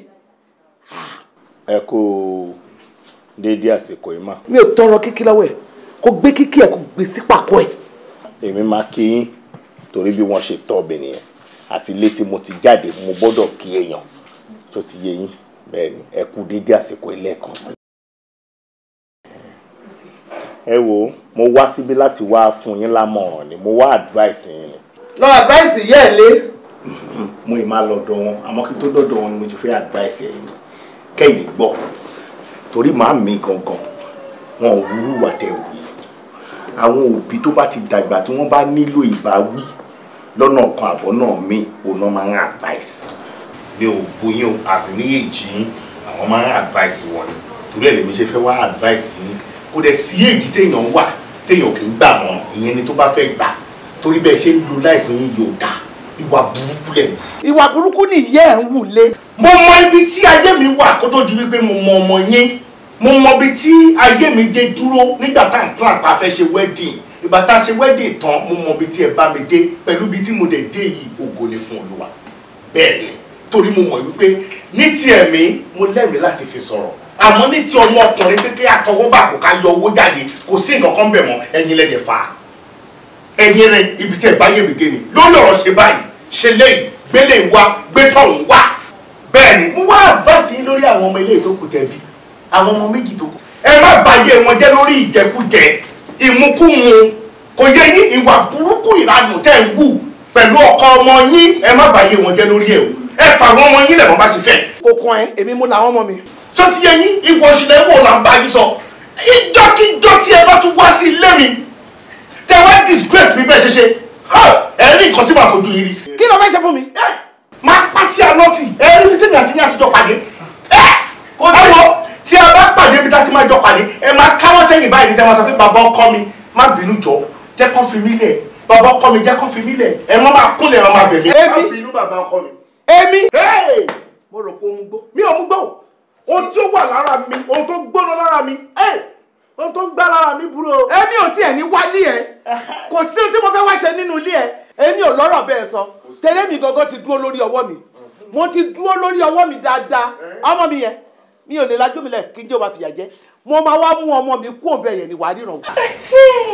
ẹ kò déédé àsìkò yìí mà. mi ò tọrọ kíkí lọ́wọ́ ẹ̀ kó gbé kíkí ẹ̀ kó gbé sí pàkó ẹ̀. èmi máa kí yín torí bí wọ́n ṣe tọ́ ọbẹ̀ nìyẹn àti ilé tí mo ti jáde mo gbọ́dọ̀ kí èèyàn tó ti yé yín bẹ́ẹ̀ ni ẹ kú déédé àsìkò ẹlẹ́ẹ̀kan sí. ẹ wo mo wá síbi láti wá fún yín lámọ̀ràn ni mo wá advice yín ni. lọ advice yẹ ẹ lé. mo ì máa lọ dọ̀ wọn àmọ́ kí tó dọ̀dọ̀ wọn ni mo ti fẹ́ advice yẹn kẹ́yìn gbọ́ torí màá mi gangan wọn ò wúrú wà tẹ̀ wí àwọn òbí tó bá ti dàgbà tí wọ́n bá nílò ìbáwí lọ́nà kan àbọ̀ náà mi òun náà máa ń advice mi ò bóyá o àsìníyèjì àwọn máa ń advice wọn ni torí ẹ̀ lèmi ṣe fẹ́ wá advice yín kò dẹ̀ sí èyí téèyàn wà téèyàn kì í gbà mọ́ ìyẹn ni tó bá fẹ́ gbà torí bẹ́ẹ̀ ṣe ń lo life yín yóò dáa ìwà burúkú lẹ̀ wù. ìwà burúkú nìyẹ́ ẹ̀ ń wù lé. mo mọ ibi tí ayé mi wà kó tó di wípé mo mọ ọmọ yín mo mọ ibi tí ayé mi dé dúró nígbà tá à ń plan pa fẹ́ ṣe wedding ìgbà tá a ṣe wedding tán mo mọ ibi tí ẹ bá mi dé pẹ̀lú ibi tí mo dẹ̀ dé yìí ògo ni fún Olúwa bẹ́ẹ̀ ni torí mo mọ̀ wípé ní ti ẹ̀mí mo lẹ́mìí láti fi sọ̀rọ̀ àmọ́ ní ti ọmọ ọkùnrin kékeré àtọwọ́bà kò ká yọ owó jáde kò sí nǹkan kan bẹ̀ mọ́ ẹ̀yin lẹ́dẹ̀ fà ẹ̀yin rẹ̀ ibi tí ẹ bá yé mi dé ni lórí ọ̀rọ̀ ṣe báyìí ṣe léyìí gbélé wa gbé tọ̀hún wá. bẹ́ẹ̀ ni mo wá àdìfáàsì yín lórí àwọn ọmọ ilé tó kù tẹ̀bi àwọn ọmọ méjì tó kù. ẹ má bàyé wọn jẹ́ lórí ìjẹkújẹ ìmukúmu kò yẹ yín ìwà burúkú ìlànà tẹ̀ ń wù pẹ̀lú ọkọ ọmọ yín ẹ má bàyé wọn jẹ́ lórí ẹ̀ o ẹ fà àwọn ọmọ yín lẹ́mọ̀ bá ti fẹ́. kò kàn èmi mú làwọn ọmọ mi. sọ ti yẹ yín ìwọ ṣìlẹ̀ wò là ń bá yín sọ ìjọkíjọ tí ẹ bá tún wá sí ilé mi tẹ wá disgrace mi bẹ́ẹ̀ ṣe ṣe Ah! ẹ rí nǹkan tí màá fojú yìí rí. kí ló fẹ́ ṣe fún mi. máa pa tí a lọ tì ẹ rí ní tèmi àti ní àtijọ́ pàdé. kò sí wọ tí a bá pàdé ibi tá a ti máa jọ pàdé ẹ máa káwọ́ sẹ́yìn báyìí ní tẹ́ máa sọ pé bàbá ọkọ mi má bínú jọ jẹ́ kó fi mí lẹ̀ bàbá ọkọ mi jẹ́ kó fi mí lẹ̀ ẹ má máa kúnlẹ̀ ẹ má bẹ̀ èmi mi. èmi. mo rò pé o mú gbó. mi ò mú gbó. ohun tí ó wà lára mi ohun tó gbóná lára mi ohun tó ń gbá lára mi burú o. èmi ò tiẹ̀ ní wálé ẹ kò sí ohun tí mo fẹ́ wá ṣe nínú ilé ẹ èmi ò lọ́rọ̀ bẹ́ẹ̀ sọ tẹ̀lé mi gangan ti dúró lórí ọwọ́ mi mm-hmm. mo ti dúró lórí ọwọ́ mi dáadáa eh? ọmọ mi yẹn mi ò lè lajú mi lẹ̀ kí n jẹ́ wàá fìyà jẹ mo máa wá mú ọmọ mi kú òun bẹ́ẹ̀ yẹn ni wàá ríran.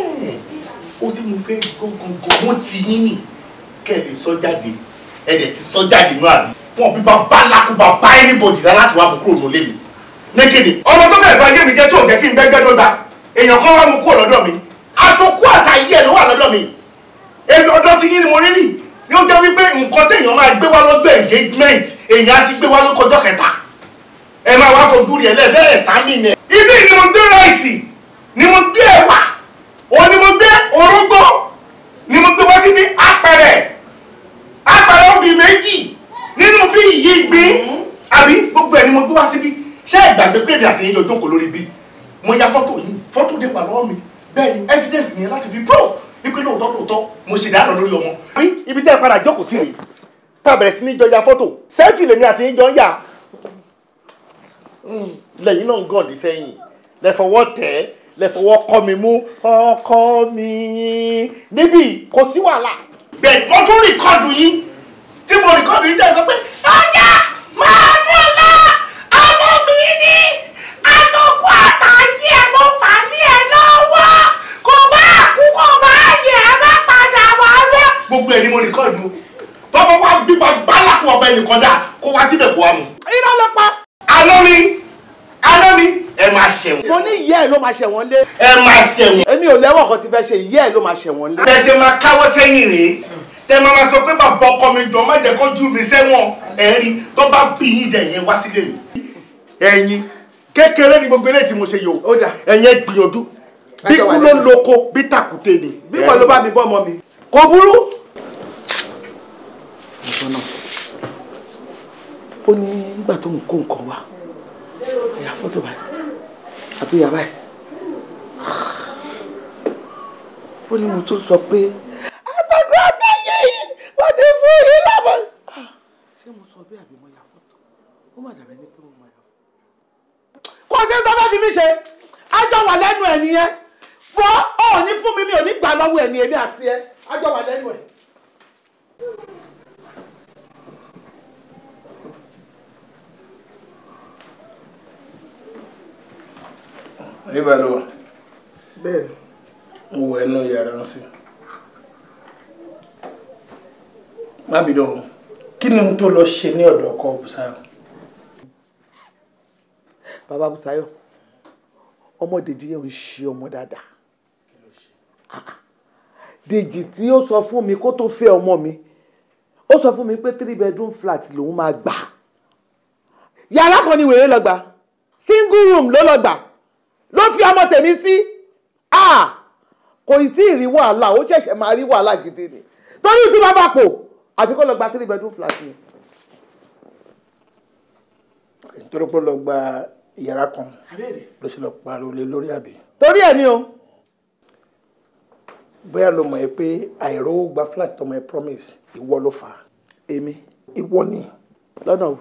ó tí mo fẹ́ gbọ́ngàn wọ́n ti yín nì kẹ́ ẹ lè sọ jáde ẹ ti sọ jáde náà rí wọn bí bá bá lákùbá bá anybody láti wá bọ̀ ní kíni. ọmọ tó fẹ́ bá yé mi jẹ́ tó jẹ́ kí n gbẹ́gbẹ́ ló gba èèyàn kan wá mu kúrò lọ́dọ̀ mi àtòkú àtàyè ló wà lọ́dọ̀ mi èmi ọ̀dọ́ ti yín ni mo rí nì ní ó jẹ́ wípé nǹkan téèyàn máa gbé wá lọ́dọ̀ engagement èèyàn á ti gbé wá lókọjọ́ kẹta ẹ máa wá fojú rí ẹ lẹ́fẹ́ ẹ̀ sámì ni. ibi ni mo gbé ráìsì ni mo gbé ẹ̀wà òun ni mo gbé orógbó ni mo gbé wá síbi apẹ̀rẹ̀ apẹ̀rẹ̀ obì méjì nínú bí ìyí gbin àbí gbogbo ẹ̀ ni mo gbé wá síbi ṣé ìgbàgbé pé èdè àti yín jọ jókòó lórí bí mo ya fọ́tò yín fọ́tò dé wà mi bẹ́ẹ̀ ni evidence yẹn láti fi proof ipe lóòótọ́ lóòótọ́ mo ṣe dáná lórí ọmọ. rí ibi tẹ́ ẹ padà jókòó sí rèé tá a bẹ̀rẹ̀ sí ní jọ ya fọ́tò sẹ́ẹ̀fì lèmi àti yín jọ ń yà hmm, lẹ́yìn náà ń gàn dé sẹ́yìn lẹ́fọwọ́ tẹ́ lẹ́fọwọ́ kọ́ mi mú ọkọ mi níbí kò sí wàhálà. bẹ́ẹ̀ mo tún rìkọ́dù yín tí mo rìkọ́dù yín tẹ̀ sọ pé ọ̀yà. gbogbo ẹ̀ ni mo rìkọ́ọ̀dù tọ́mọ wa gbígbà gbálàkùn ọ̀bẹ nìkan dà kó wá síbẹ̀ kó wá mu. irọ́ ló pa. àná ni àná ni ẹ máa ṣẹ̀wọ̀n. mo ní ìyá ẹ ló máa ṣẹ̀wọ̀n lé. ẹ máa ṣẹ̀wọ̀n. èmi ò lẹ́wọ̀n kan ti fẹ́ ṣe ìyá ẹ ló máa ṣẹ̀wọ̀n lé. bẹ́ẹ̀ máa káwọ́ sẹ́yìn rèé tẹ máa sọ pé bàbá ọkọ mi jọ má jẹ́ kó jù mí sẹ́wọ̀n ẹ̀rí tó bá bí yín dẹ̀ yẹn wá sílé mi. ẹ̀yin kékeré ni gbogbo eléyìí tí mo ṣe yòó ẹ̀yin gbìyànjú bí kú ló ń loko bí tàkùté ni bí wọn ló bá mi bọ́ ọmọ mi kò burú sọ́nà ó ní ìgbà tó ń kó nǹkan wá ẹ̀yà fọ́tò báyìí àti ìyá báyìí ó ní mo tún sọ pé àtàgbà àtàyè yìí wọ́n ti fún yín lọ́mọ. Ah, ṣé mo sọ bí àbí mo ya fọ́tò ó má dàbẹ́ ní pé mo máa ya fọ́tò. kò sí tó bá fi mí ṣe ájọ wà lẹ́nu ẹ̀ nìyẹn fọ́ ọ̀ ní fún mi mi ò ní gbà lọ́wọ́ ẹ̀ ní èmi àti ẹ̀ ájọ wà lẹ́nu ẹ̀. nígbà ló wà. bẹ́ẹ̀. mo wọ ẹnu yàrá ń sìn. má bínú o kí ni n tó lọ ṣe ní ọ̀dọ̀ ọkọ Bùsáyọ̀. bàbá Bùsáyọ̀ ọmọ Dèjì yẹn ò ń ṣe ọmọ dáadáa Dèjì tí ó sọ fún mi kó tó fẹ́ ọmọ mi ó sọ fún mi pé three bedroom flat lòun máa gbà yàrá kan ni wèrè lọ gbà single room ló lọ gbà ló fi ọmọ tèmi sí kò tí ì rí wàhálà ó ṣẹ̀ṣẹ̀ máa rí wàhálà gidi ni torí tí bàbá pò àfi kó lọ gba three bedroom flat yẹn. nítorí pé ó lọ gba ìyàrá kan ló ṣe lọ pariwo lé lórí àbí. torí ẹ ni o. bóyá ló mọ̀ ẹ́ pé àìrówó gba flat tọmọ ẹ promise ìwọ ló fà á. èmi. ìwọ ni. lọ́nà o.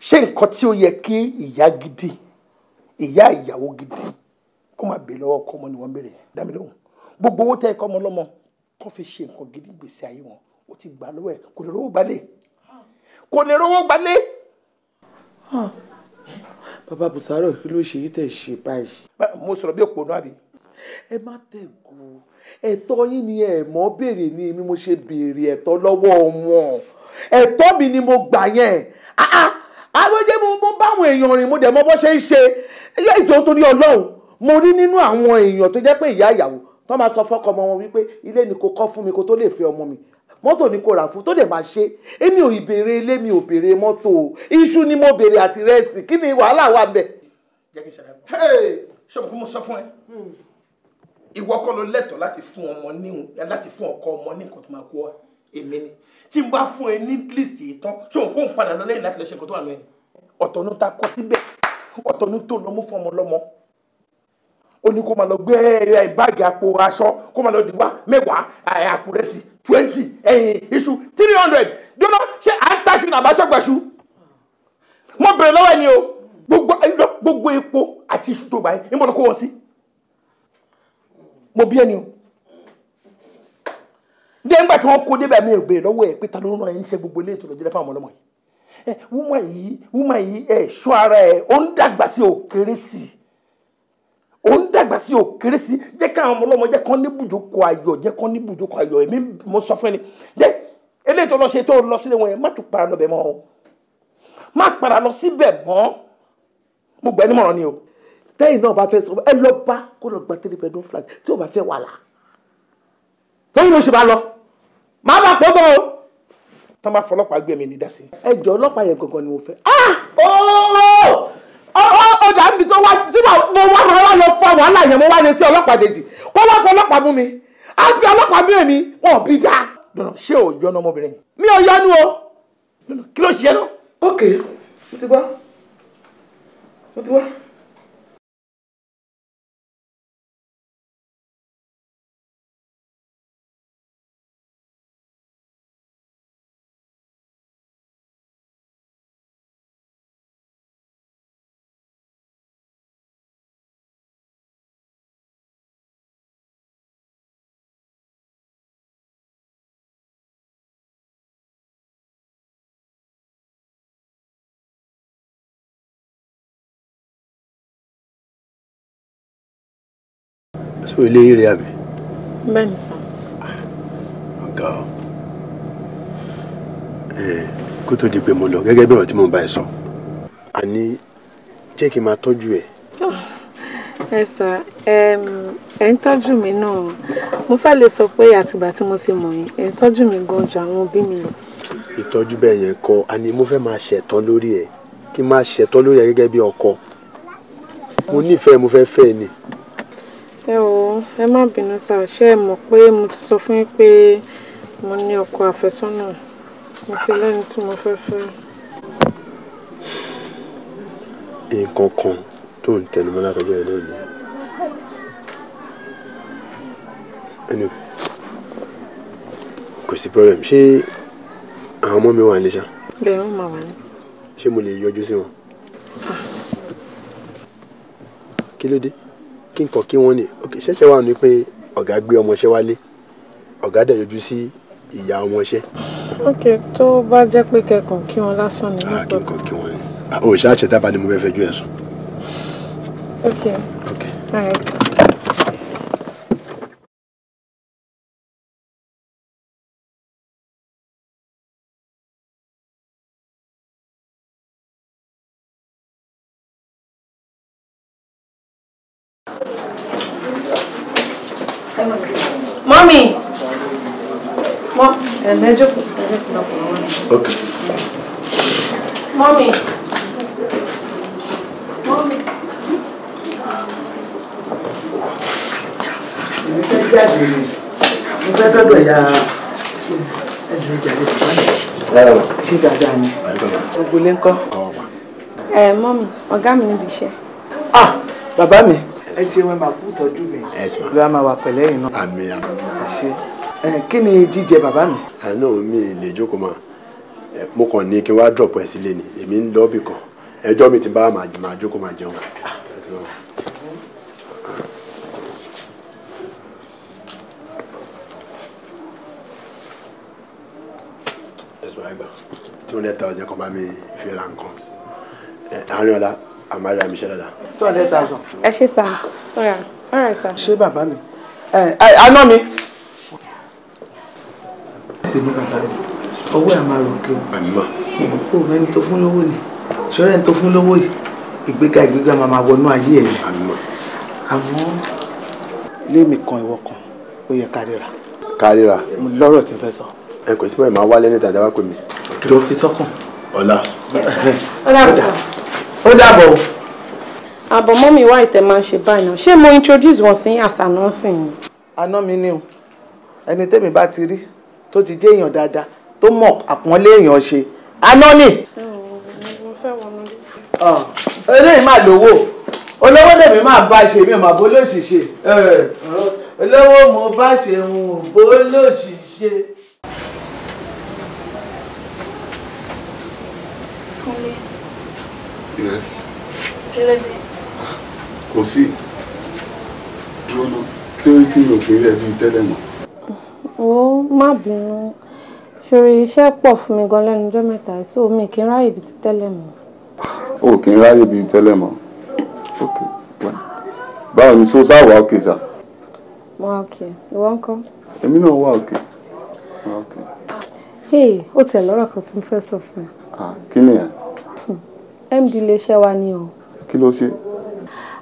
ṣé nǹkan tí ó yẹ kí ìyá gidi ìyá ìyàwó gidi kó má bèè lọ́wọ́ ọkọ ọmọ ni wọ́n bèrè yẹn dá mi lóhùn gbogbo owó tẹ́ ẹ kọ́ ọmọ lọ́mọ tó fi ṣe nǹkan gidi gbèsè ayé wọn ó ti gbà lọ́wọ́ ẹ̀ kò lè rówó gbalẹ̀ kò lè rówó gbalẹ̀. Ah. bàbá Bùsárò kí ló ṣe yìí tẹ̀ ṣe báyìí. mo sọ̀rọ̀ bí òpònú àbí. ẹ má tẹ̀gù ẹ̀tọ́ yín ni ẹ̀ mọ́ béèrè ni mi mo ṣe béèrè ẹ̀tọ́ lọ́wọ́ wọn ẹ̀tọ́ mi ni mo gbà yẹn ah, ah àwẹjẹ mo mo bá àwọn èèyàn rìn mo dẹ̀ mọ bó ṣe ń ṣe ẹyẹ ìjọ torí Ọlọ́run mo rí nínú àwọn èèyàn tó jẹ́ pé ìyá ìyàwó tó máa sọ fọ́kọ ọmọ wọn wípé ilé ni kò kọ́ fún mi kó tó lè fẹ́ ọmọ mi mọ́tò ni kò rà fún tó dẹ̀ máa ṣe èmi ò ìbèrè ilé mi ò bèrè mọ́tò iṣu ni mo bèrè àti rẹ́sì kí ni wàhálà wà bẹ̀. jẹ́ kí n ṣàlàyé ṣé mo kí mo sọ fún ẹ hmm. ìwọ kọ́ ló lẹ́tọ̀ọ́ láti fún ọmọ ní tí n bá fún ẹ ní list yìí tán ṣé òun kò ń padà lọ lẹ́yìn láti lọ ṣe nǹkan tó wà lọ ẹni ọ̀tọ̀ ní ta kọ síbẹ̀ ọ̀tọ̀ ní tó lọ mú fún ọmọ lọ́mọ ó ní kó máa lọ gbé eh, báàgì àpò aṣọ kó máa lọ dì wá mẹ́wàá eh, àpò rẹ̀ sí twenty ẹ̀yìn eh, iṣu three hundred dọ́là ṣé à ń taṣu ní àbáṣọ́gbàṣu mo bèrè lọ́wọ́ ẹni o gbogbo epo àti iṣu tó gbà yín ń bọ̀ lọ wọn sí mo bí ẹni o dẹ́gbà tí wọ́n kó débẹ̀ mi ò béèrè lọ́wọ́ ẹ̀ pé ta ló ń rán ẹ̀ ń ṣe gbogbo ilé ètò ìjọba fáwọn ọmọ yìí ẹ wúmọ̀ yìí wúmọ̀ yìí ẹ̀ ṣọ́ ara ẹ̀ ó ń dàgbà sí òkèrè sí ó ń dàgbà sí òkèrè sí jẹ́ káwọn ọmọ ọlọ́mọ jẹ́ kán ní bùjókò ayọ̀ jẹ́ kán ní bùjókò ayọ̀ èmi mo sọ fún ẹni jẹ́ eléyìí tó lọ ṣe tó lọ sílé wọn yẹn má tún para lọ bẹ̀ mọ́ o má para lọ síbẹ̀ mọ́ mo gbẹ́ nímọ̀ràn ni o tẹ́yìn náà bá fẹ́ sọ ẹ lọ bá kó lọ gba tẹ́lifẹ̀dún flag tí ò bá fẹ́ wàhálà torí ló ṣe máa lọ máa bá pọ̀ gan o tó máa fọlọ́pàá gbé mi ní dasí. ẹ jọ ọlọ́pàá yẹn gangan ni mo fẹ́. ọjà ah! mi tó wá tí mo wá máa wá lọ fa wàhálà yẹn mo wá ní tí ọlọ́pàá dèjì kó wá fọlọ́pàá mú mi á fi ọlọ́pàá mú èmi wọn ò bí dáa. dọ̀nà ṣé o yọnu ọmọbìnrin yìí. mi ò yọnu o kí ló ṣe yẹn náà. ok mo ti wá mo ti wá. so ilé yìí rẹ àbí. bẹ́ẹ̀ni sá. eh o kó tó di pé mo lọ gẹ́gẹ́ bí ọ̀rọ̀ tí mo bá ẹ sọ àní jẹ́ kí n máa tọ́jú ẹ. ẹ sà ẹ ń tọ́jú mi náà mo fẹ́ lè sọ pé àtìgbà tí mo ti mọ̀ yín ẹ ń tọ́jú mi gan ju àwọn òbí mi lọ. ìtọ́jú bẹ́ẹ̀ yẹn kọ́ àní mo fẹ́ máa ṣẹ̀tọ́ lórí ẹ kí n máa ṣẹ̀tọ́ lórí ẹ gẹ́gẹ́ bí ọkọ mo nífẹ̀ẹ́ mo fẹ́ fẹ́ ni ẹ ò ẹ má bínú sá ṣé ẹ mọ̀ pé mo ti sọ fún yín pé mo ní ọkọ àfẹ́sọ́nà mo ti lẹ́ni tí mo fẹ́ fẹ́. nǹkan kan tó ń tẹnumọ́ látọjọ́ ẹ lónìí ẹni kò sí problem ṣé àwọn ọmọ mi wà nílé ṣá. bẹ́ẹ̀ wọ́n máa wà ṣé mo lè yọjú sí wọn. Ah. kí ló dé kí nǹkan kí wọ́n ní ok ṣẹ̀ṣẹ̀ wà ní pé ọ̀gá gbé ọmọọṣẹ́ wálé ọ̀gá dẹ̀ yọjú sí ìyá ọmọọṣẹ́. ok tó bá jẹ́ pé kẹkàn kí wọn lásán ni. ah kí nǹkan kí wọ́n ní. òòṣà ah, àṣetá bá ní mo fẹ́ fẹ́ ju ẹ̀sùn. ok ok all right. ẹjọ́ kò dájọ́ kò lọ́pọ̀ lọ́wọ́ ni. ok. mọ́mì mọ́mì. èmi fẹ́ jáde eh, mo fẹ́ dọ́dọ̀ ya ẹ̀dùn ìjàdé tó bá mi. ṣé dáadáa ni gbogbo ilé ń kọ́. ẹ mọ́mì ọ̀gá mi níbi iṣẹ́. ah bàbá mi ẹ ṣeun ẹ máa kú ìtọ́jú mi. ẹ ṣe máa wà pẹ̀lẹ́ yìí náà. àmì àmì. ṣe kí ni jíjẹ bàbá mi. àná ah, mi lè jókòó mọ́ mo kàn ní kí n wá drop ẹ sílé ni èmi ń lọ́ọ́bì kan ẹjọ́ mi ti bá màá jókòó máa jẹun. ẹ̀sùn àgbà two hundred thousand kan bá mi fi ra nǹkan àárín ọ̀la àmàlà mi ṣe two hundred thousand. ẹ ṣe sá all right all sir. ṣé bàbá mi ẹ ẹ aná mi pè ní bàbá mi ọwọ́ ẹ̀ máa ròkè o kó o mẹ́ni tó fún lówó ni ṣọ́rẹ́ ni tó fún lówó yìí ìgbéga ìgbéga máa máa wọnú ayé ẹ̀ àmọ́ lémi kan ìwọ kan ó yẹ kárìíra. kárìíra. mo lọ́rọ̀ tí n fẹ́ sọ. ẹ kò sí pé màá wálé ní ìtajà wá pè mí. jọ fi sọ́kàn. ọ̀la. ó dàbọ̀ ó o. àbọ̀ mọ́mí wá ìtẹ̀ máa ń ṣe báyìí náà ṣé mo introduce wọn sí àṣà náà sì ni. àná mi ni o ẹni tẹ́mi bá ti rí tó ti jẹ́ èèyàn dáadáa tó mọ̀ àpọ́nlé èèyàn ṣe anọ́nì. Ah, eléyìí máa lówó olówó lèmi máa bá ṣe mi máa bó lóṣìṣe eh, olówó mo bá ṣe ń bó lóṣìṣe. Ah, kò sí. Dúró lọ, kí ló tí mi ò fi ẹbí tẹ́lẹ̀ mọ́? Oh, má bínú ṣòro iṣẹ́ pọ̀ fún mi gan lẹ́nu ọjọ́ mẹ́ta so mi kì í ráyè bíi ti tẹ́lẹ̀ mọ́. o kì í ráyè bíi tẹ́lẹ̀ mọ́ báwo ni sosa wà òkè sá. mo wà òkè ìwọ ń kọ́. èmi náà wà òkè. ó tiẹ̀ lọ́rọ̀ kan tí mo fẹ́ sọ fún ẹ. kí ni ẹ. md iléeṣẹ́ wa ni o. kí ló ṣe.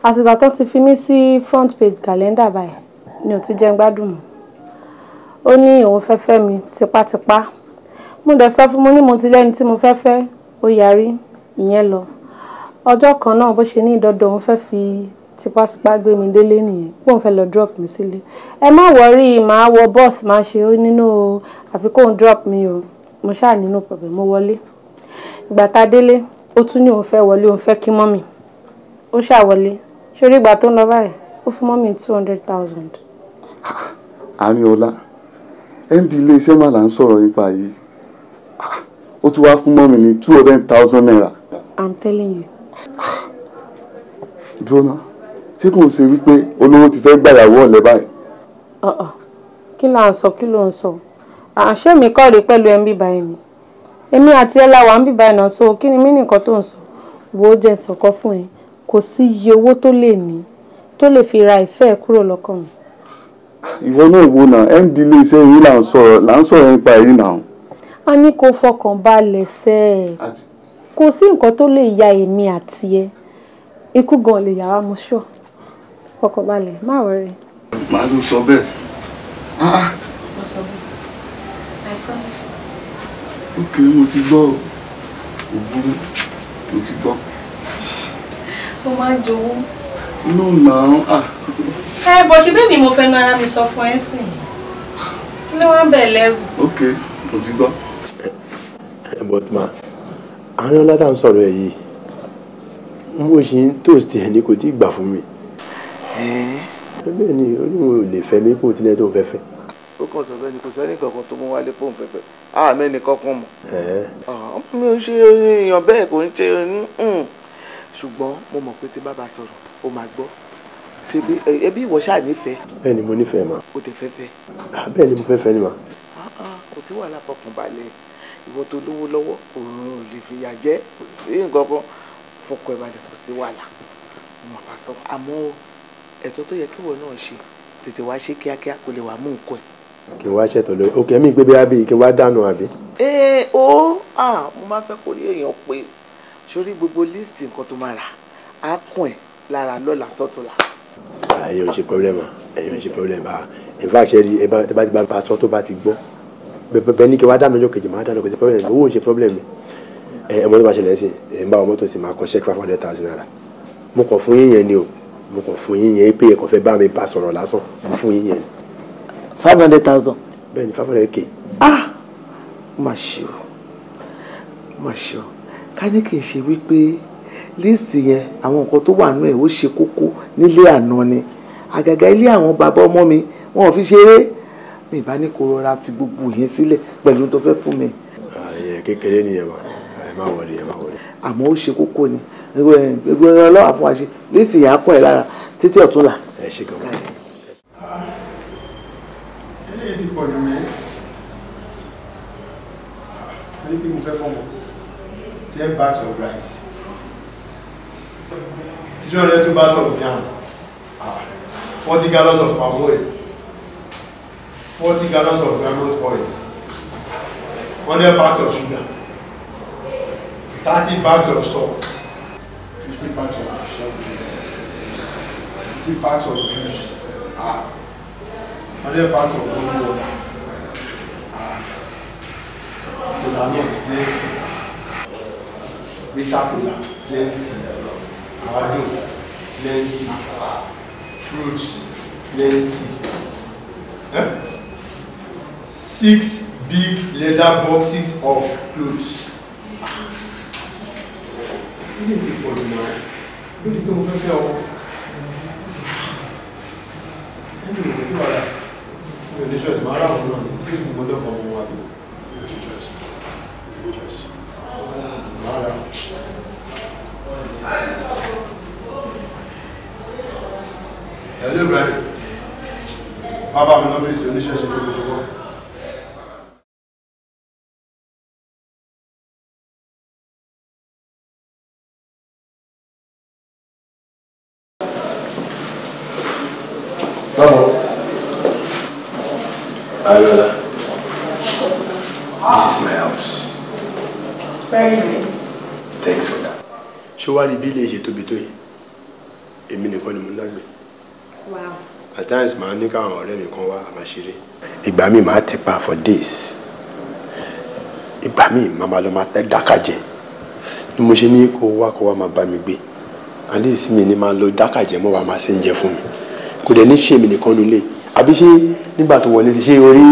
àtìgbà tó ti fi mí sí front page kàlẹ́ndà báyìí ni ò tún jẹ́ ń gbádùn mọ́ ó ní òun fẹ́ fẹ́ mi tipátipá mo dẹ̀ sọ fún mo ní mo ti lẹ́ni tí mo fẹ́ fẹ́ ó yarí ìyẹn lọ ọjọ́ kan náà bó ṣe ní ìdọ́dọ̀ òun fẹ́ fi tipátipá gbé mi délé nìyẹn kóun fẹ́ lọ drop mi sílé ẹ má wọrí màá wọ bọ́ọ̀sì máa ṣe ó nínú àfi kóun drop mi o mo ṣáà nínú pẹ̀pẹ̀ mo wọlé ìgbà tá a délé ó tún ní òun fẹ́ wọlé òun fẹ́ kí mọ́mì ó ṣáà wọlé ṣorí ìgbà tó ń lọ báyìí ó fún mọ́mì two hundred thousand. àmì ọlá md iléeṣẹ́ mà là ń sọ̀rọ̀ nípa yìí ah, ó tún wá fún mọ́mì ní two hundred thousand naira. i'm telling you. Ah, dúró ná ṣé kò ń ṣe wípé olówó ti fẹ́ gbàyàwó ọ̀lẹ́ báyìí. Uh-uh. kí ló ń sọ kí ló ń sọ àṣẹ mi kọ́ rí pẹ̀lú mb báyìí mi èmi àti ẹ̀ la wà ń bíbá iná so kí ni mí nìkan tó ń sọ wo jẹ́ sọ̀kọ́ fún ẹ kò sí iye owó tó lè ní tó lè fi ra ìfẹ́ kúrò lọ́kàn mi ìwọ náà wo náà md iléeṣẹ́ yìí là ń sọ̀rọ̀ là ń sọ̀rọ̀ nípa èyí náà. a ní kó fọkàn balẹ̀ sẹ́ ẹ̀ kò sí nǹkan tó lè ya èmi àti ẹ ikú gan lè yàrá mo ṣọ fọkàn balẹ̀ má wọrẹ. màá ló ah, ah. sọ bẹ́ẹ̀. i promise. ok mo ti gbọ́ òbúrú mo ti gbọ́. ó máa ń jowó no now ah. ẹ bọ̀ ṣe bẹ́ẹ̀ ni mo fẹnu ara mi sọ fún ẹ sìn kí ló wá ń bẹ̀ lẹ́rù. ok mo ti gbọ́. ẹ ma àárín ọlá tá à ń sọ̀rọ̀ ẹ̀ yìí n bó ṣe ń toast ẹ̀ ní kò tí ì gbà fún mi. bẹ́ẹ̀ ni olóhùn ò lè fẹ́ mi kó tilẹ̀ tó fẹ́ fẹ́. ó kàn sọ bẹ́ẹ̀ ni kò sẹ́ni kankan tó mú wálé pòun fẹ́fẹ́ àmì nìkan kan mọ̀. hmm ò ṣe èèyàn bẹ́ẹ̀ kò ń ṣe ṣùgbọ́n o máa gbọ́ ṣebí ẹbí ìwọ ṣáà nífẹ̀ẹ́. bẹ́ẹ̀ ni mo nífẹ̀ẹ́ ma. o tẹ fẹ́fẹ́. Ah, bẹ́ẹ̀ ni mo fẹ́ fẹ́ ni ma. Ah, ah, kò sí wàhálà fọkànbalẹ̀ ìwọ tó lówó lọ́wọ́ òun ò lè fìyà jẹ kò sí nǹkan kan fọkàn ìbalẹ̀ kò sí wàhálà mo máa sọ. àmọ́ ẹ̀tọ́ tó yẹ kí ìwọ náà ṣe tètè wá ṣe kíákíá kó lè wàá mú nǹkan ẹ̀. kí wàá ṣètò lórí òkè mi gbé bíi abíyí kí dànù àbí. ee o mo máa fẹ́ kórè èèyàn pé sórí gbogbo líìsì nǹkan tó máa rà á kàn ẹ̀ lára lọ́la ah, sọ́tọ̀la. ẹ̀yin ò ṣe pọ́blẹ́mà ẹ̀yin ò ṣe pọ́blẹ́mà ah, in fact ṣe rí ẹ bá ti bá a sọ tó bá ti gbọ́ bẹ́ẹ̀ ni kí wàá dáná ọjọ́ kejì máa dáná kò sí pọ́blẹ́mì owó ò ṣe pọ́blẹ́mì ẹ mọ́tò bá ṣẹlẹ̀ ẹ̀sìn ẹ̀ ń bá ọmọ tó sì máa kọ́ ṣẹ́kì five hundred thousand naira mo kàn fún yín yẹn ni o mo kàn fún yín yẹn pé ẹ kàn fẹ́ bá mi bá sọ̀rọ̀ lásán mo fún yín ni. five hundred thousand. bẹ́ẹ̀ five hundred k. ah má ṣe o má ṣe o ká ní kì í ṣe wípé list yẹn àwọn nǹkan tó wà nínú ẹ̀ ó ṣe kókó nílé àná ni àgàgà ilé àwọn bàbá ọmọ mi wọn ò fi ṣeré mi ìbá ní kó rọra fi gbogbo yẹn sílẹ̀ pẹ̀lú tó fẹ́ fún mi. ààyè kékeré nìyẹn wa ẹ má wọlé ẹ má wọlé. àmọ́ ó ṣe kókó ni gbogbo ẹran ọlọ́wà fún wa ṣe list yẹn á kọ́ ẹ lára títí ọ̀túnla. ẹ ṣe gan wa. eléyìí ti pọ̀ jù mí ah, ní bí mo fẹ́ fọ́ mọ́ ten bags of rice three hundred two bags of yam ah forty gallons of palm oil forty gallons of groundnut oil hundred bags of sugar thirty bags of salt fifty bags of sugar, drink fifty bags of juice ah hundred bags of holy water ah kola nut plenty bitter kola plenty àádùn plenty fruits plenty eh? six big leather boxes of clothes ilé ti pọ̀ jù náà lórí pé mo fẹ́ fẹ́ ọkọ̀ ẹni ìròyìn sí wàrà mi ní ṣọ́ọ̀tì máa ráhùn náà ní sí ìsìnkú ọdọ́ kan mo wà ní ìròyìn ṣọ́ọ̀tì Hello, Brian. Bàbá mi lọ́fíìsì oníṣẹ́ ṣe fún mi ṣùgbọ́n. ṣó wá rí bí ilé ṣe tóbi tó yìí èmi nìkan ni mo lágbè. at times màá ní káwọn ọ̀rẹ́ mi kan wá àmàṣeré. ìgbà míì màá ti pa for days ìgbà míì màmá lọ máa tẹ́ dákàjẹ́ ni mo ṣe ní kó wá kó wá máa bá mi gbé alẹ́ ìsinmi ni máa lọ dákàjẹ́ mọ́ wa máa ṣe ń jẹ fún mi kò dẹ̀ ní ṣe èmi nìkan nulẹ̀ àbí ṣé nígbà tó wọlé ti ṣe orí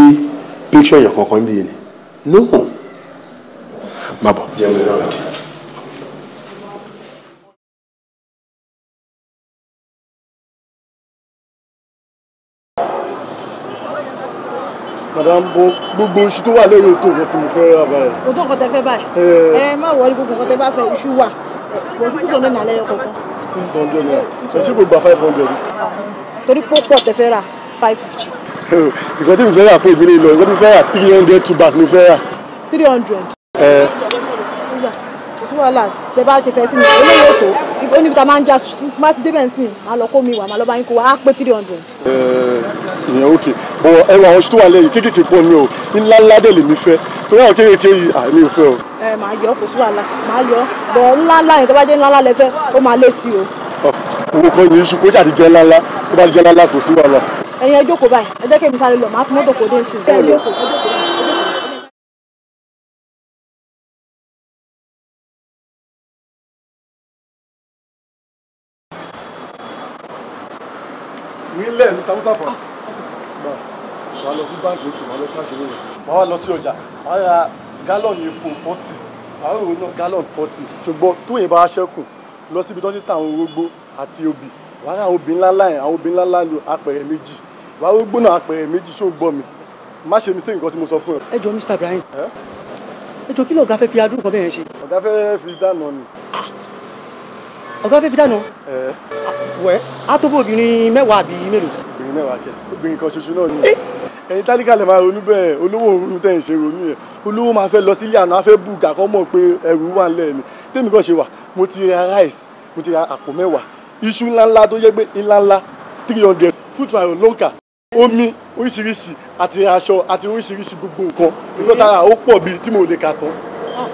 píkṣọ̀ yẹn kankan bíi ni no má bọ̀ jẹ́ mi náà dì. madam bo gbogbo iṣu tó wà lórí oko nǹkan tí mo fẹ́ rà báyìí. kò tó nǹkan tẹ fẹ́ báyìí eh. ẹ má wọlé gbogbo nǹkan tẹ bá fẹ́ iṣu wà kò sí six hundred nàlẹ́ ọkọ̀ọ̀kan. six hundred naira eh, ẹ ṣé kò gba five hundred. torí pọ́pọ̀ tẹ fẹ́ rà five fifty. Eh, nǹkan tí mo fẹ́ rà pé ìbílẹ̀ lọ nǹkan tí mo fẹ́ rà three hundred two bags mo fẹ́ rà. three hundred. ẹ wàhálà bẹ bá ṣe fẹ́ sí ni olóyè ètò oníbi tá máa ń já sùn má ti débẹ̀ ń sìn má lọ kó mi wà má lọ bá yín kó wa á pé three hundred ìyẹn ok, bọ̀ ẹwà eh, àwọn oṣù tó wà lẹ́yìn kéékèèké pọ̀ ni o ńlá ńlá dẹ̀ lèmi fẹ́ tó wà kéékèèké yìí àmì ò fẹ́ o. ẹ eh, máa yọ kò sí wàhálà máa yọ bọ̀ ńlá ńlá yẹn tó bá jẹ́ ńlá ńlá lẹ fẹ́ ó máa lé sí o. owó kan ní iṣu kó jáde jẹ́ ńlá ńlá tó bá jẹ́ ńlá ńlá kò sí wàhálà. ẹ̀yin ẹ jókòó báyìí ẹ jẹ́ kí èmi sáré lọ máa fi mọ́tò kò dé sí i. nílẹ̀ mr musa màá wá lọ sí ọjà màá ra gálọ̀nù epo forty màá rò náà gálọ̀nù forty ṣùgbọ́n tó yẹn bá ṣẹ́kù lọ síbi tó ń ta àwọn orógbó àti obì wàá ra obì ńlá láì àwọn obì ńlá láì lo apẹ̀rẹ̀ méjì wàá orógbó náà apẹ̀rẹ̀ méjì ṣó ń gbọ́ mi má ṣe mistake nǹkan tí mo sọ fún ẹ. ẹ jọ Mr. Ibrahim ẹ jọ kí lọ̀gá fẹ́ fi adúrú kan bẹ́ẹ̀ ṣe. ọ̀gá fẹ́ fi dáná ni ọ̀gá fẹ́ fi dáná. wẹ́ á tó obìnrin mẹ́wàá àbí mélòó. obìnrin mẹ́wàá kẹ obìnrin kan ṣoṣo náà ni ẹ̀yin tálíkà lè máa ronú bẹ́ẹ̀ olówó ronú tẹ̀yìn ṣe ronú yẹn olówó máa fẹ́ lọ sílé àná afẹ́ bùgà kọ́ mọ̀ pé ẹrù wà ńlẹ̀ ni tèmi kàn ṣe wà mo ti ra rice mo ti ra àpò mẹ́wàá iṣu ńláńlá tó yẹ pé ńláńlá three hundred fruit mayo lóǹkà omi oríṣiríṣi àti aṣọ àti oríṣiríṣi gbogbo nǹkan nígbà tára ó pọ̀ bíi tí mo lè kà tán. Ah.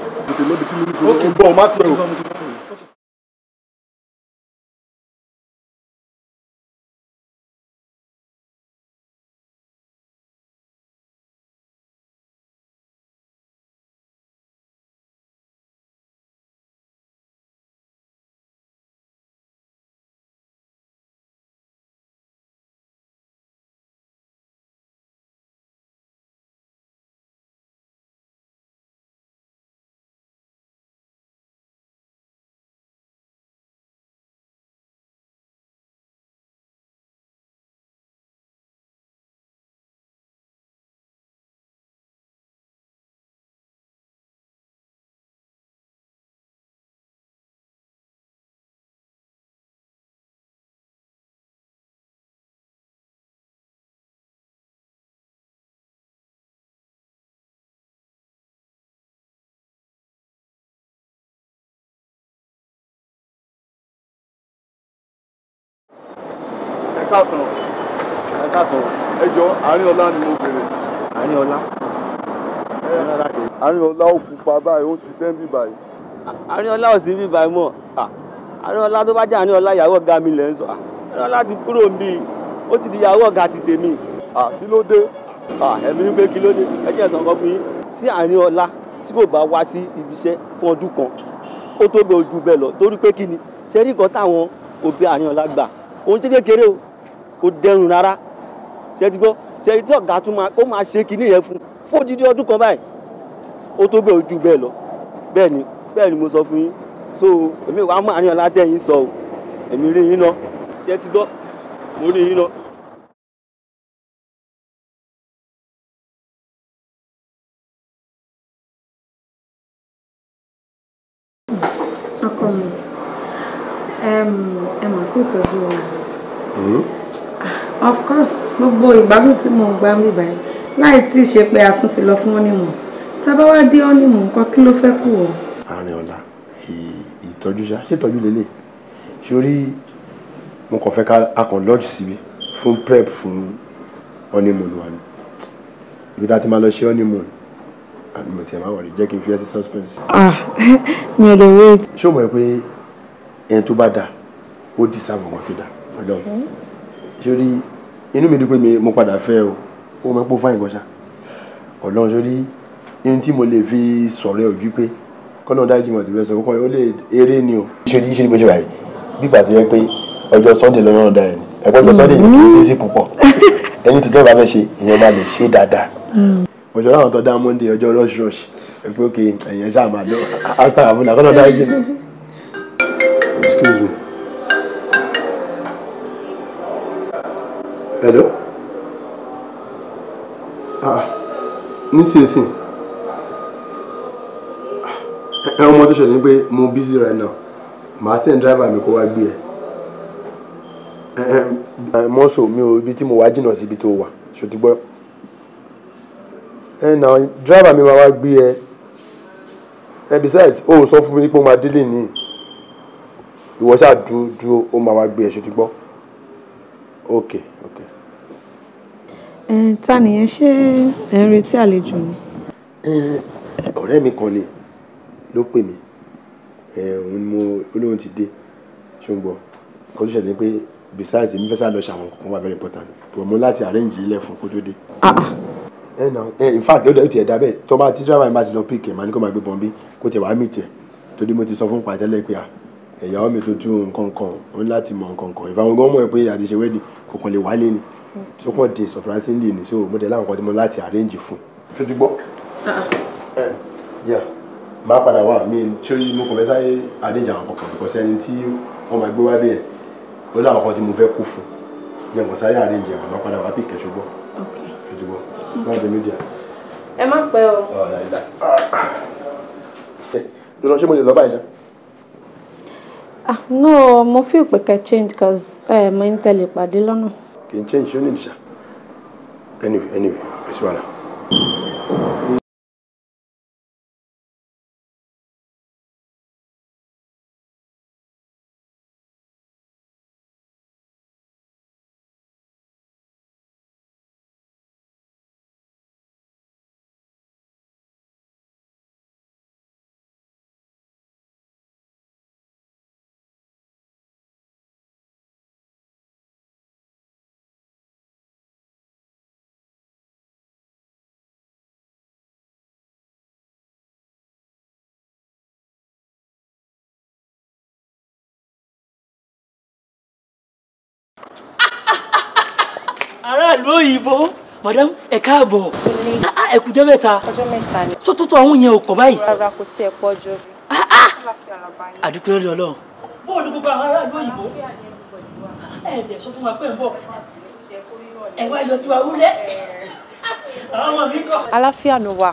ká sàn ẹ ká sàn. ẹ jọ àárín ọlá ni mo bèrè. àárín ọlá. àárín ọlá ò pupa báyìí ó ń ṣiṣẹ́ ń bì báyìí. àárín ọlá ò sí ń bì báyìí mọ́ àárín ọlá tó bá jẹ́ àárín ọlá ìyàwó ọ̀gá mi lẹ́ ń sọ àárín ọlá ti kúrò ń bí ó ti di ìyàwó ọ̀gá ti tèmi. kí ló dé. ẹ̀mí ń gbé kí ló dé ẹ jẹ́ ìsọ̀kan fún yín tí àárín ọlá tí kò bá wá sí ibiṣẹ́ fún ọdún kan ó tó bẹ ojú bẹ́ẹ̀ lọ torí pé kí ni ṣe rí nǹkan táwọn òbí àárín ọlá gbà òun ti kékeré o kó dẹrùn rárá ṣe ti gbọ́ ṣe ti ọ̀gá tún máa kó máa ṣe kinní yẹn fún fódìdí ọdún kan báyìí ó tó bẹ ojú bẹ́ẹ̀ lọ bẹẹ ni bẹẹ ni mo sọ fún yín so èmi wàá mọ àárín ọ̀la tẹ̀yìn sọ o èmi rí yín lọ ṣe ti gbọ́ mo rí yín lọ. ọkọ mi ẹ mọ̀ pé ìtọ́jú ọ of course gbogbo ìgbádùn tí mò ń gbá mi báyìí láì tí ì ṣe pé a tún ti lọ fún ọ́nìmù tábà wá dé ọ́nìmù nǹkan kí ló fẹ́ kù ọ́. àárín ọ̀la ìtọ́jú ṣá ṣé ìtọ́jú lélẹ̀ sórí mo kàn fẹ́ ká a kàn lọ́ọ̀jì síbi fún prep fún ọ́nìmù wa ni ibi tá a ti máa lọ ṣe ọ́nìmù mo tiẹ̀ máa wọ̀rí jẹ́ kí n fi ẹ́ sí suspense. ah mi ò lè wait. ṣé o mọ̀ pé ẹni tó bá dáa ó dì sáà mọ̀gàn tó dáa ọlọ́run hmm? sórí inú mi dùn pé mo padà fẹ́ o ó mọ̀ pé ó fáyìn gọ́ṣà ọlọ́run sórí ihun tí mo lè fi sọ̀rọ̀ ojú pé kọ́nà dájú mọ̀ tìbẹ́ sọ kọ́nà ó lè eré ni o. ṣé ní ṣe ni mo ṣe wáyé bí pàtó yẹ pé ọjọ́ sunday lọ́nà dá ẹ̀ ni ẹ̀pọ̀ ọjọ́ sunday yìí kì í bísí púpọ̀ ẹni tí tẹ́lẹ̀ bá fẹ́ ṣe ìyẹn máa lè ṣe dáadáa. ọjọ́ mm. láwọn tó dá monday ọjọ́ rush rush ẹ pé òkè ẹ̀yẹn ṣáà máa lọ àṣà àfúnà kọ́nà dájú. excuse me. hello ah nísinsìn ẹ ọmọ tó ṣẹlẹ̀ ni pé mo busy right now màá send driver mi kó wá gbé ẹ mọ́sọ̀ mi ò ibi tí mo wá jìnnà sí ibi tó wà ṣòtí gbọ́ ẹ na driver mi máa wá gbé ẹ ẹ besides ó sọ fún mi pé mo máa délé nìyí ìwọ ṣáà dúró dúró ó máa wá gbé ẹ ṣòtí gbọ́ okay ta nìyẹn ṣé ẹ ń retí àlejò ni. ọ̀rẹ́ mi kan ni ló pè mí òun ni mo olóhùn ti dé ṣùgbọ́n kan tó ṣẹlẹ̀ pé besides èmi fẹ́ sá lọ ṣàwọn kankan wà very important but mo láti arrange ilẹ̀ fún kó tó dé. Ah, ah. ẹ na ẹ in fact ó dẹ̀ tiẹ̀ dábẹ́ tó bá tí driver mi bá ti lọ pick ẹ̀ máa ní kó máa gbé bọ́n bí kó tẹ̀ wá mí tiẹ̀ torí mo ti sọ fún pàtẹ́lẹ̀ pé à ẹ̀yàwó mi tuntun nǹkan kan ó ní láti mọ nǹkan kan ìfàwọn gan mọ̀ pé àti ṣe wedding kò kàn lè wálé ni so kàn dé surprisingly ni so mo dẹ̀ láwọn kan tí mo láti arrange fún. ṣé ti gbọ́. Ah, ah. ẹ yà máa padà wá mi ṣé mo kàn fẹ́ sáré arrange àwọn kankan because ẹni tí wọ́n máa gbé wá bẹ́ẹ̀ ó láwọn kan tí mo fẹ́ kó fún jẹ́ mo sáré arrange àwọn máa padà wá bí kẹ́ ṣùgbọ́n ṣé ti gbọ́ máa bẹ méjì à. ẹ má pẹ́ o. lọ́nà ṣé mo lè lọ báyìí ṣá. ah no mo fi ìpè kẹ́ change cause ẹ̀ eh, mo ń tẹ̀lé ìpàdé lọ́nà. Anyway, í change unit ṣá anyway anyway bisimilá. aráàlú òyìnbó madam ẹ káàbọ̀ ah, ah, ẹ kú jẹ́ mẹ́ta so tuntun àwọn yẹn ò kọ báyìí. rárá kò tiẹ̀ pọ̀ jù. Ah, àdúgbò lórí ọlọ́run. bóòlù gbogbo àwọn aráàlú òyìnbó ẹ jẹ́ sọ fún wa pé ń bọ̀ ẹ wá yọ sí wa wúlẹ̀ àwọn ọmọ mi kọ. aláfíà ló wà.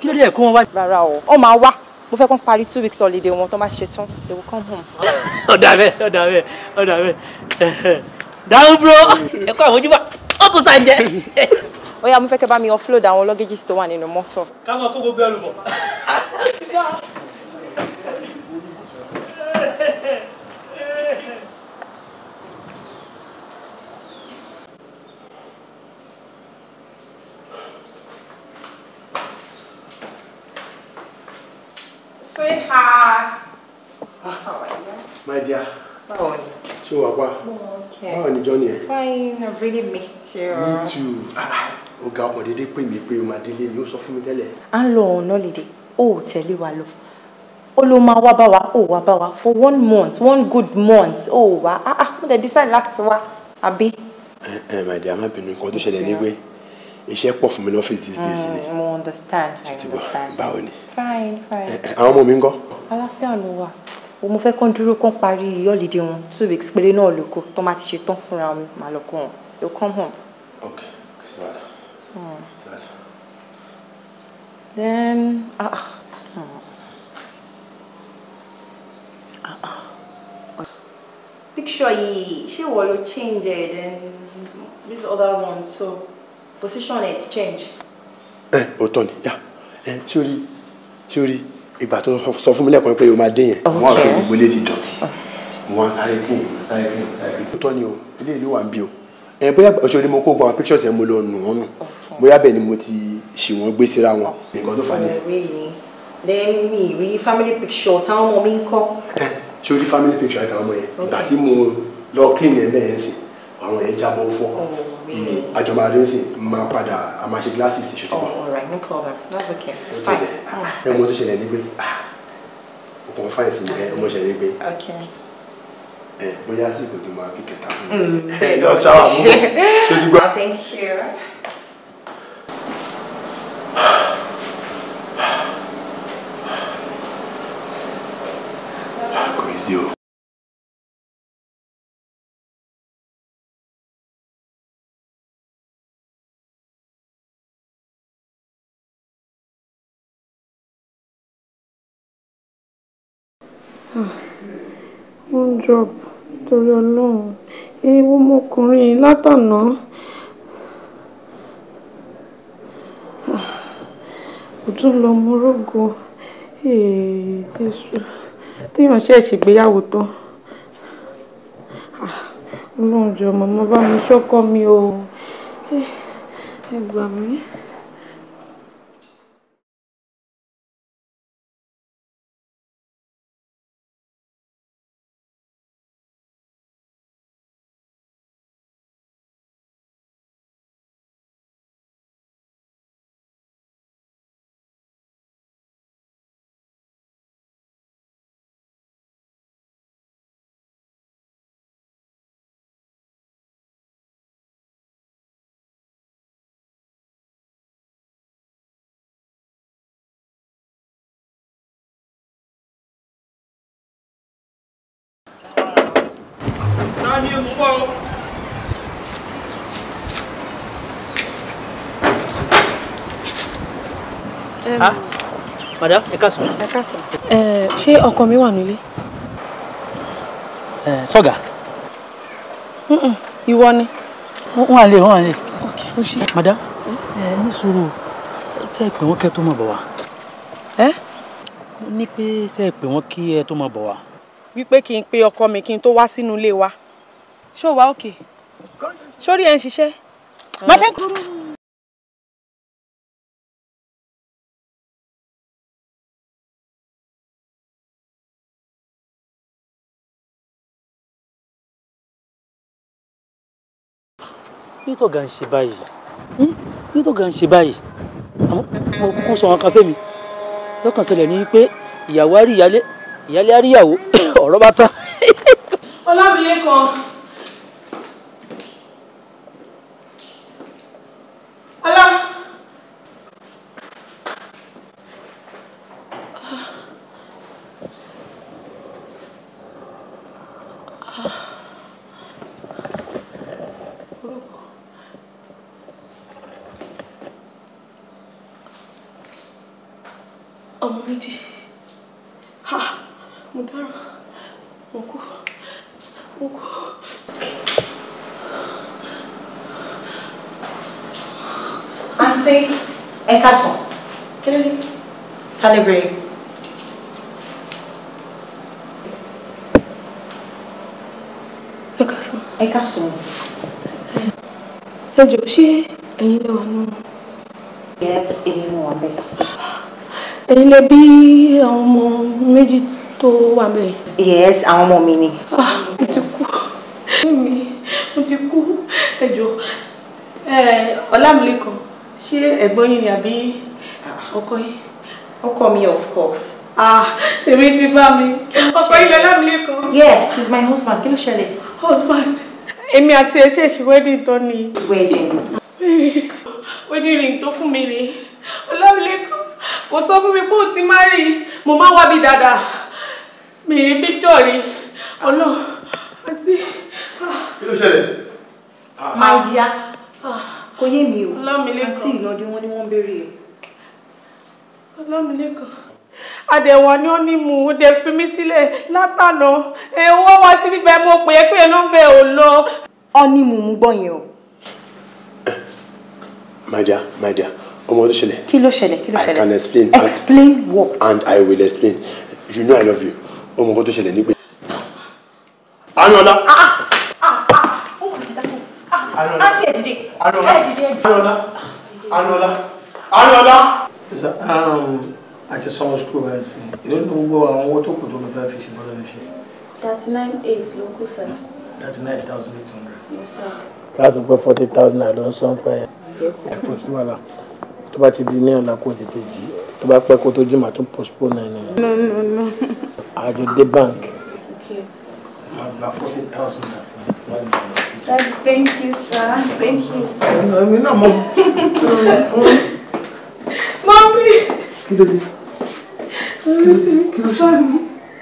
kí ló dé ẹ̀kọ́ wọn wá. rárá o ọ máa wá mo fẹ́ kó parí two weeks holiday wọn tó bá ṣe tán they will come home. ọ̀dà bẹ́ẹ̀ ọ̀dà bẹ́ẹ̀ ọ̀dà bẹ́ẹ̀ dáhùn bro ẹ̀kọ́ àmójúbà ó kù sànjẹ́. ó yá mo fẹ́ kẹ́ bá mi offload àwọn luggages tó wà nínú mọ́tò. ká máa kó gbogbo ẹrù bọ̀. Sweetheart. How are you? My dear. Báwo ni? Ṣé wà pa? Báwo ni Johnny Fine, I really missed you. Me too. Ah, ọ̀gá ọkọ̀ dédé pè mí pé o máa délé ni ó sọ fún mi tẹ́lẹ̀. À ń lọ ọ̀nà lédè, ó ò tẹ̀lé wa lọ. wa, ó wa for one month, one good month, ó ah, ah, the design lacks wá, àbí? Eh, eh, my dear, má bínú nǹkan tó ṣẹlẹ̀ ní pé iṣẹ́ pọ̀ fún mi lọ́fíìsì these days ni. Mm, mo understand, I understand. Báwo ni? Fine, fine. Eh, eh, àwọn ọmọ mi ń kọ́? Aláfíà ló wà o mo fẹ́ kán dúró kán parí holiday wọn two weeks péré náà ló kó tán bá ti ṣe tán fúnra mi màá lọ kó wọn ló come home. ok hmm. then ah ah picture yìí ṣé wọ́n ló change ẹ̀ then this other one so position it, change. ẹ eh, òótọ́ ni yá ẹ eh, ṣé o ìgbà tó sọ fún mi lẹ́kọ̀ọ́ pé o máa dé yẹn. wọ́n á pè ti dọ̀tí wọ́n sáré kí wọ́n sáré kí wọ́n sáré kí. tó tọ́ ni o ilé ìlú wa ń bí o ẹ bóyá ọ̀ṣọ́ ni mo kó gbọ́ àwọn pictures yẹn mo lọ nù wọ́n nù bóyá bẹ́ẹ̀ ni mo ti ṣì wọ́n gbé síra wọn. nǹkan tó fà ní. then mi rí family picture táwọn ọmọ mi ń kọ́. ṣé o rí family picture àtàwọn ọmọ yẹn ìgbà tí mo lọ clean ẹ̀ bẹ́ẹ̀ yẹn àwọn yẹn jábọ́ fọ́ àjọba adéǹsì máa padà a máa ṣe glasses ṣùtùpọ̀. Oh, alright no problem that's okay it's fine. Ah, ẹ mọ tó ṣẹlẹ̀ ní pé ọkàn ah, fáyẹ̀sì ni ẹ mọ ṣẹlẹ̀ ní pé ẹ bóyá sí ìgbòdì máa bí kẹta fún mi. Mm, ẹ lọ ṣáwà mú mi ṣojú gbá. thank you. hundrop torí ọlọ́run ewu ọmọkùnrin yìí látàná kò tún lọ mọ́rọ́gọ jésù téèyàn ṣe ṣègbéyàwó tán ah, ọlọ́run jọ màmá bá mi ṣọ́kọ́ mi o ẹ gbà mí. madam ẹ káàsán. ẹ káàsán. ẹ ṣé ọkọ mi wà nílé. ẹ sọgà. ìwọ ni. wọn à lè wọn à lè. ok o ṣe. madam ẹ ní sùúrù ṣe é pè wọn kẹ tó máa bọ̀ wá. ẹ. ní pé ṣe é pè wọn kí ẹ tó máa bọ̀ wá. wípé kí n pe ọkọ mi kí n tó wá sínú ilé wa ṣó wa òkè sórí ẹ ń ṣiṣẹ́. máa fẹ́ kúrú. bí tọ̀gá ń ṣe báyìí bí tọ̀gá ń ṣe báyìí àmọ́ mo kúkú sọ wọn kan fẹ́mi lọ́kàn ṣẹlẹ̀ ní pé ìyàwó àrí ìyálé ìyálé àrí ìyàwó ọ̀rọ̀ bá tán. ọlámilékan ọlá. Calibrate. Ẹ kásán. Ẹ kásán. Ẹ jọ̀ọ́ ṣé ẹ̀yin lè wà náà? Yes, èyí mo wà bẹ́ẹ̀. Ẹ̀yin lè bí àwọn ọmọ méjì tó wà bẹ́ẹ̀? Yes, àwọn ọmọ mi ni. Ah, mo ti kú. Èmi, mo ti kú. Ẹ jọ̀ọ́. Ọlámilékan, ṣé ẹ̀gbọ́n yín ni àbí ọkọ yín? ọkọ mi of course. ah tèmi ti bá mi ọkọ ilẹ̀ lámìlẹ́kọ̀ọ́. yes he's my husband kí ló ṣẹlẹ̀. husband èmi àti ẹ ṣèṣì wedding tó ni. wedding. wedding ring tó fún mi rèé ọlámìlẹ́kọ̀ọ́ kò sọ fún mi pé ó ti máa rí i mo máa ń wábi dáadáa mi rí píkítọ̀ rí ọ̀nà àti. Ah. kí ló ṣẹlẹ̀. my dear ah. kò yé mi o àti ìnàdí wọn ni wọ́n ń ọlámilẹ́kan àdẹ̀wà ni ó ní mú un dẹ̀ fi mí sílẹ̀ látànà ẹ wọ́n wá sí bíbẹ́ mo pè é pé nọ́mbà ò lọ. ọ ní mú mú gbọ́ yẹn o. my dear my dear ọmọ tó ṣẹlẹ̀. kí ló ṣẹlẹ̀ kí ló ṣẹlẹ̀ i can explain. explain what. and i will explain you know i love you ọmọ tó ṣẹlẹ̀ nígbè. aniola. aniola aniola aniola aniola àti um, sanwó school rẹ̀ sí èyí ló gbogbo àwọn owó tó kù tó lọ fẹ́ fi ṣe lọ́dọ̀ ṣe. thirty nine eight ló kù sir. thirty nine thousand eight hundred. káàsì pé forty thousand naira ló ń sọ ń pẹ́ ẹ̀ kò sí wàhálà tó bá ti di ní ọ̀la kó tètè jí tó bá pẹ́ kó tó jí màá tún postpone ẹ̀ nìyẹn. no no no. àjọ dé bank. máa gba forty thousand naira thank you sir thank you. èmi náà mo. kí ló dé kí ló ṣẹlẹ̀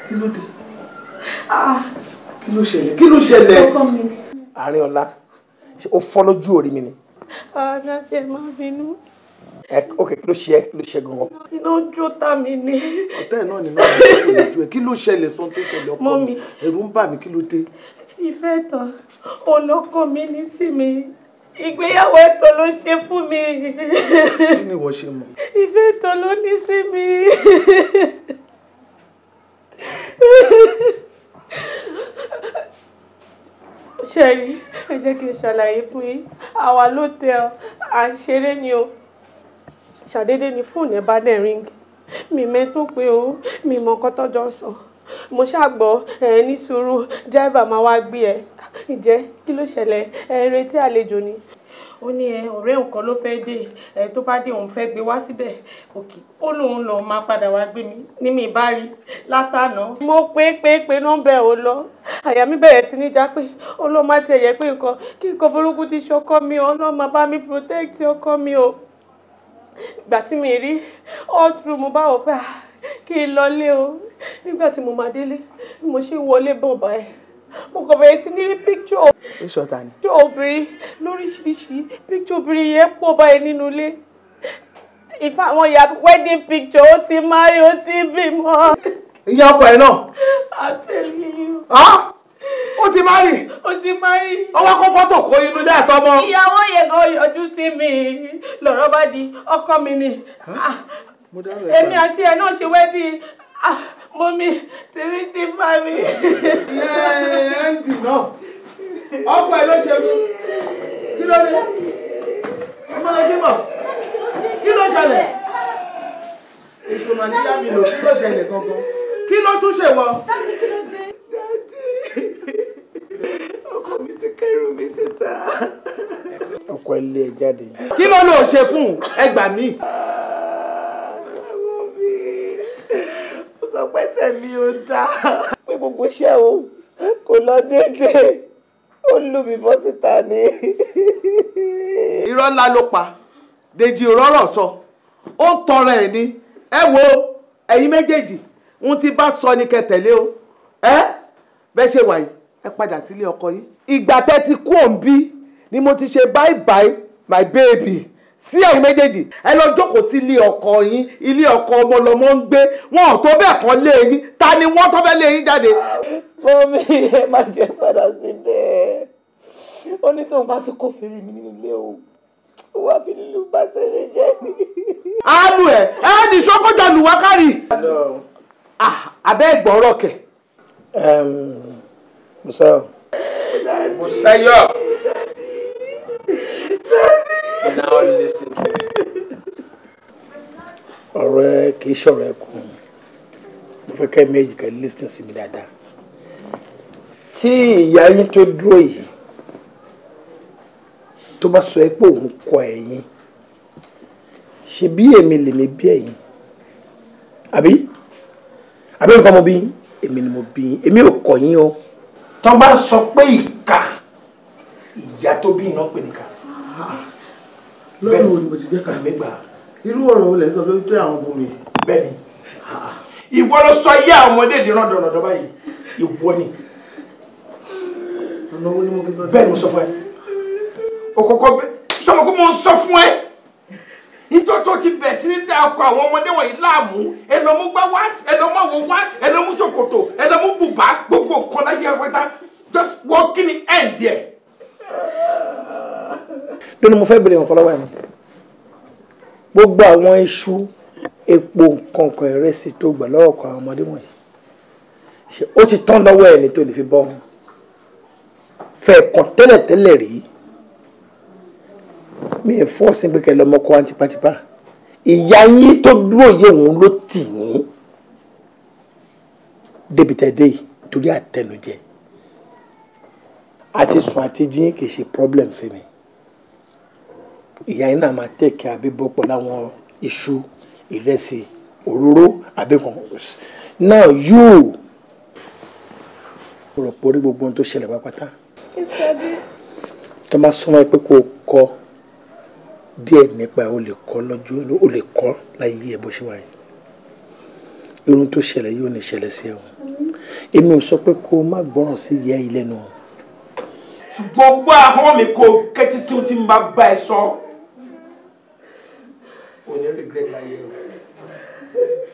kí ló dé kí ló ṣẹlẹ̀ kí ló ṣẹlẹ̀ àárín ọlá ó fọ́ lójú orí mi ni. aláṣẹ máa bínú. ẹ ok kí ló ṣe ẹ kí ló ṣe gangan. iná jó ta mi ni. ọ̀tá ẹ̀ náà nínú àwọn ọ̀tá ìlú ẹ kí ló ṣẹlẹ̀ sọ tó ṣẹlẹ̀ ọkọ mi ẹ̀rù ń bà mí kí ló dé. ìfẹ́ tán olóko mi ní sí mi ìgbéyàwó ẹ̀tọ́ ló ṣe fún mi. kí ni ìwọ ṣe mọ̀. ìfẹ́ ẹ̀tọ́ ló ní sí mi. ṣẹ́rí ẹ jẹ́ kí n ṣàlàyé fún yín àwa ló tẹ ọ à ń ṣeré ni o ṣàdédé ni fóònù ẹ bá dẹ̀ ríngì mi mẹ́ tó pé o mi mọ nǹkan So mo ṣàgbọ́ ẹ ní sùúrù dírẹ́fà máa wá gbé ẹ ǹjẹ́ kí ló ṣẹlẹ̀ ẹ retí àlejò ni. ó ní ẹ ọ̀rẹ́ nǹkan ló fẹ́ dé ẹ tó bá dé òun fẹ́ gbé wá síbẹ̀ òkè ó lóun lọ máa padà wá gbé mi ní mi bá rí látànà. mo pé pé pé nọ́mbà ò lọ àyà mi bẹ̀rẹ̀ sí ní já pé ọlọ́mọ àti ẹ̀yẹ pé nǹkan kí nǹkan burúkú ti ṣọkọ mi ọlọ́mọ bá mi protect ọkọ mi o gbà tí mi rí all through mo bá wọ pé ah kí n lọlé o nígbà tí mo máa délé bí mo ṣe wọlé bọ̀bà ẹ̀ mo kàn bẹ̀rẹ̀ sí ní rí píkṣọ̀ píkṣọ̀ obìnrin lóríṣiríṣi píkṣọ̀ obìnrin yẹn pọ̀ báyìí nínú ilé ìfà àwọn ìyá wedding picture ó ti mari ó ti bímọ. ìyá ọkọ ẹ náà. àtẹ̀lé o ó ti márì. ó ti márì. ọwọ́ kó fọ́tò kó inú ilé àtọmọ. ìyàwó yẹn kan yọjú sí mi lọ́rọ̀ bá di ọkọ mi ni èmi àti ẹ náà ṣe wẹ́ bí ah, mọ́mí tèmi ti bá mi. ẹ̀ẹ́dì náà ọkọ ẹ ló ṣe mí kí ló dé ọmọ ẹ kíbọ̀ kí ló ṣẹlẹ̀ ìṣòro àníyá mi lò kí ló ṣẹlẹ̀ gangan kí ló tún ṣe wọ. ọkọ mi ti kẹrù mi síta. ọkọ ilé ẹ jáde. kí ló lò ṣe fún ẹgbàá mi. sọ pé sẹ̀mí ò dáa pé gbogbo iṣẹ́ o kò lọ déédéé ó lù mí bọ́ síta ni. irọ́ ńlá ló pa Dèjì òrọ́rọ̀ sọ ó ń tọrọ ẹ̀ ni ẹ wo ẹ̀yin méjèèjì ń ti bá sọ ni kẹ́ o ẹ bẹ́ẹ̀ ṣe wà yìí ẹ padà sílé ọkọ yín. ìgbà tẹ́ ti kú òǹbí ni mo ti ṣe bye bye my baby sí ẹ̀yin méjèèjì ẹ lọ jókòó sí ilé ọkọ yín ilé ọkọ ọmọ lọmọ ń gbé wọn ò tó bẹ́ẹ̀ kan lé yín ta ni wọ́n tó fẹ́ lé yín jáde. mọ́mí ẹ má jẹ́ padà síbẹ̀ ó ní tóun bá tún kófìrí mi nínú ilé o wà fi lílu bá tẹ̀lé jẹ́ ni. àánú ẹ ẹ ní sọkọjà lùwà kárì. Ah, abẹ́ ìgbọ́rọ̀ kẹ̀. musayo. musayo. now listen ọ̀rọ̀ ẹ kì í ṣọ̀rọ̀ ẹ kù mo fẹ́ kẹ́ méjì kẹ́ lísìn sí mi dáadáa tí ìyá yín tó dúró yìí tó bá sọ ẹ pé òun kọ ẹ̀yin ṣe bí èmi lèmi bí ẹ̀yin àbí àbí nǹkan mo bí èmi ni mo bí èmi ò kọ yín o tó bá sọ pé ìka ìyá tó bí iná pè nìkan ah, bẹ́ẹ̀ ni mo ti jẹ́ ká mi gbà á irú ọ̀rọ̀ olè sọ ló pé àwọn ọmọ mi. bẹ́ẹ̀ni ìwọ ló sọ ayé àwọn ọmọdé ìdìran dọ̀nàdọ̀ báyìí ìwọ ni. ọ̀nà owó ni mo fi sọ. bẹ́ẹ̀ ni mo sọ fún ẹ òkòkò bẹ sọmọ kó mo ń sọ fún ẹ nítorí ti bẹ̀ sí ní dá ọkọ̀ àwọn ọmọdé wọ̀nyí láàmú ẹlọmú gbá wá ẹlọmú àwò wá ẹlọmú ṣòkòtò ẹlọmú bùbá gbogbo nǹkan láyé ẹgbẹ́ta just walking end there. lónìí mo fẹ́ bèrè ọ̀pọ̀lọpọ̀ ẹ̀ mi gbogbo àwọn iṣu epo kọ̀ọ̀kan ìrẹsì tó gbà lọ́wọ́ kan àwọn ọmọdé wọ̀nyí ṣe ó ti tán lọ́wọ́ ẹ̀ ní tó lè fi bọ́ wọn fẹ́ kàn tẹ́lẹ̀tẹ́lẹ̀ rí mi ì fọ́ sí pé kẹlẹ́ ọmọkọ wa tipátipá ìyá yín tó dúró yìí òun ló tì yín débi tẹ́dẹ́ yìí torí àtẹnujẹ àti sùn àti jíyìn kì í ṣe problem fún mi ìyá yín náà máa tẹ̀kẹ́ àbíbọ̀ pẹ̀lú àwọn iṣu ìrẹsì òróró àbíkan náà yóò rò pé orí gbogbo ohun tó ṣẹlẹ̀ pápátá tó bá súnmọ́ pé kò kọ́ díẹ̀ nípa ẹ̀ o lè kọ́ lọ́jọ́ o lè kọ́ láyé ẹ̀ bó ṣe wáyé irun tó ṣẹlẹ̀ yóò ní ṣẹlẹ̀ sí ẹ o èmi ò sọ pé kó o má gbọ́ràn sí ìyá ilé nu. ṣùgbọ́n gbọ́ àwọn mi kò kẹ́tí sí ohun tí mo bá bá ẹ sọ. So. when you're the great like you.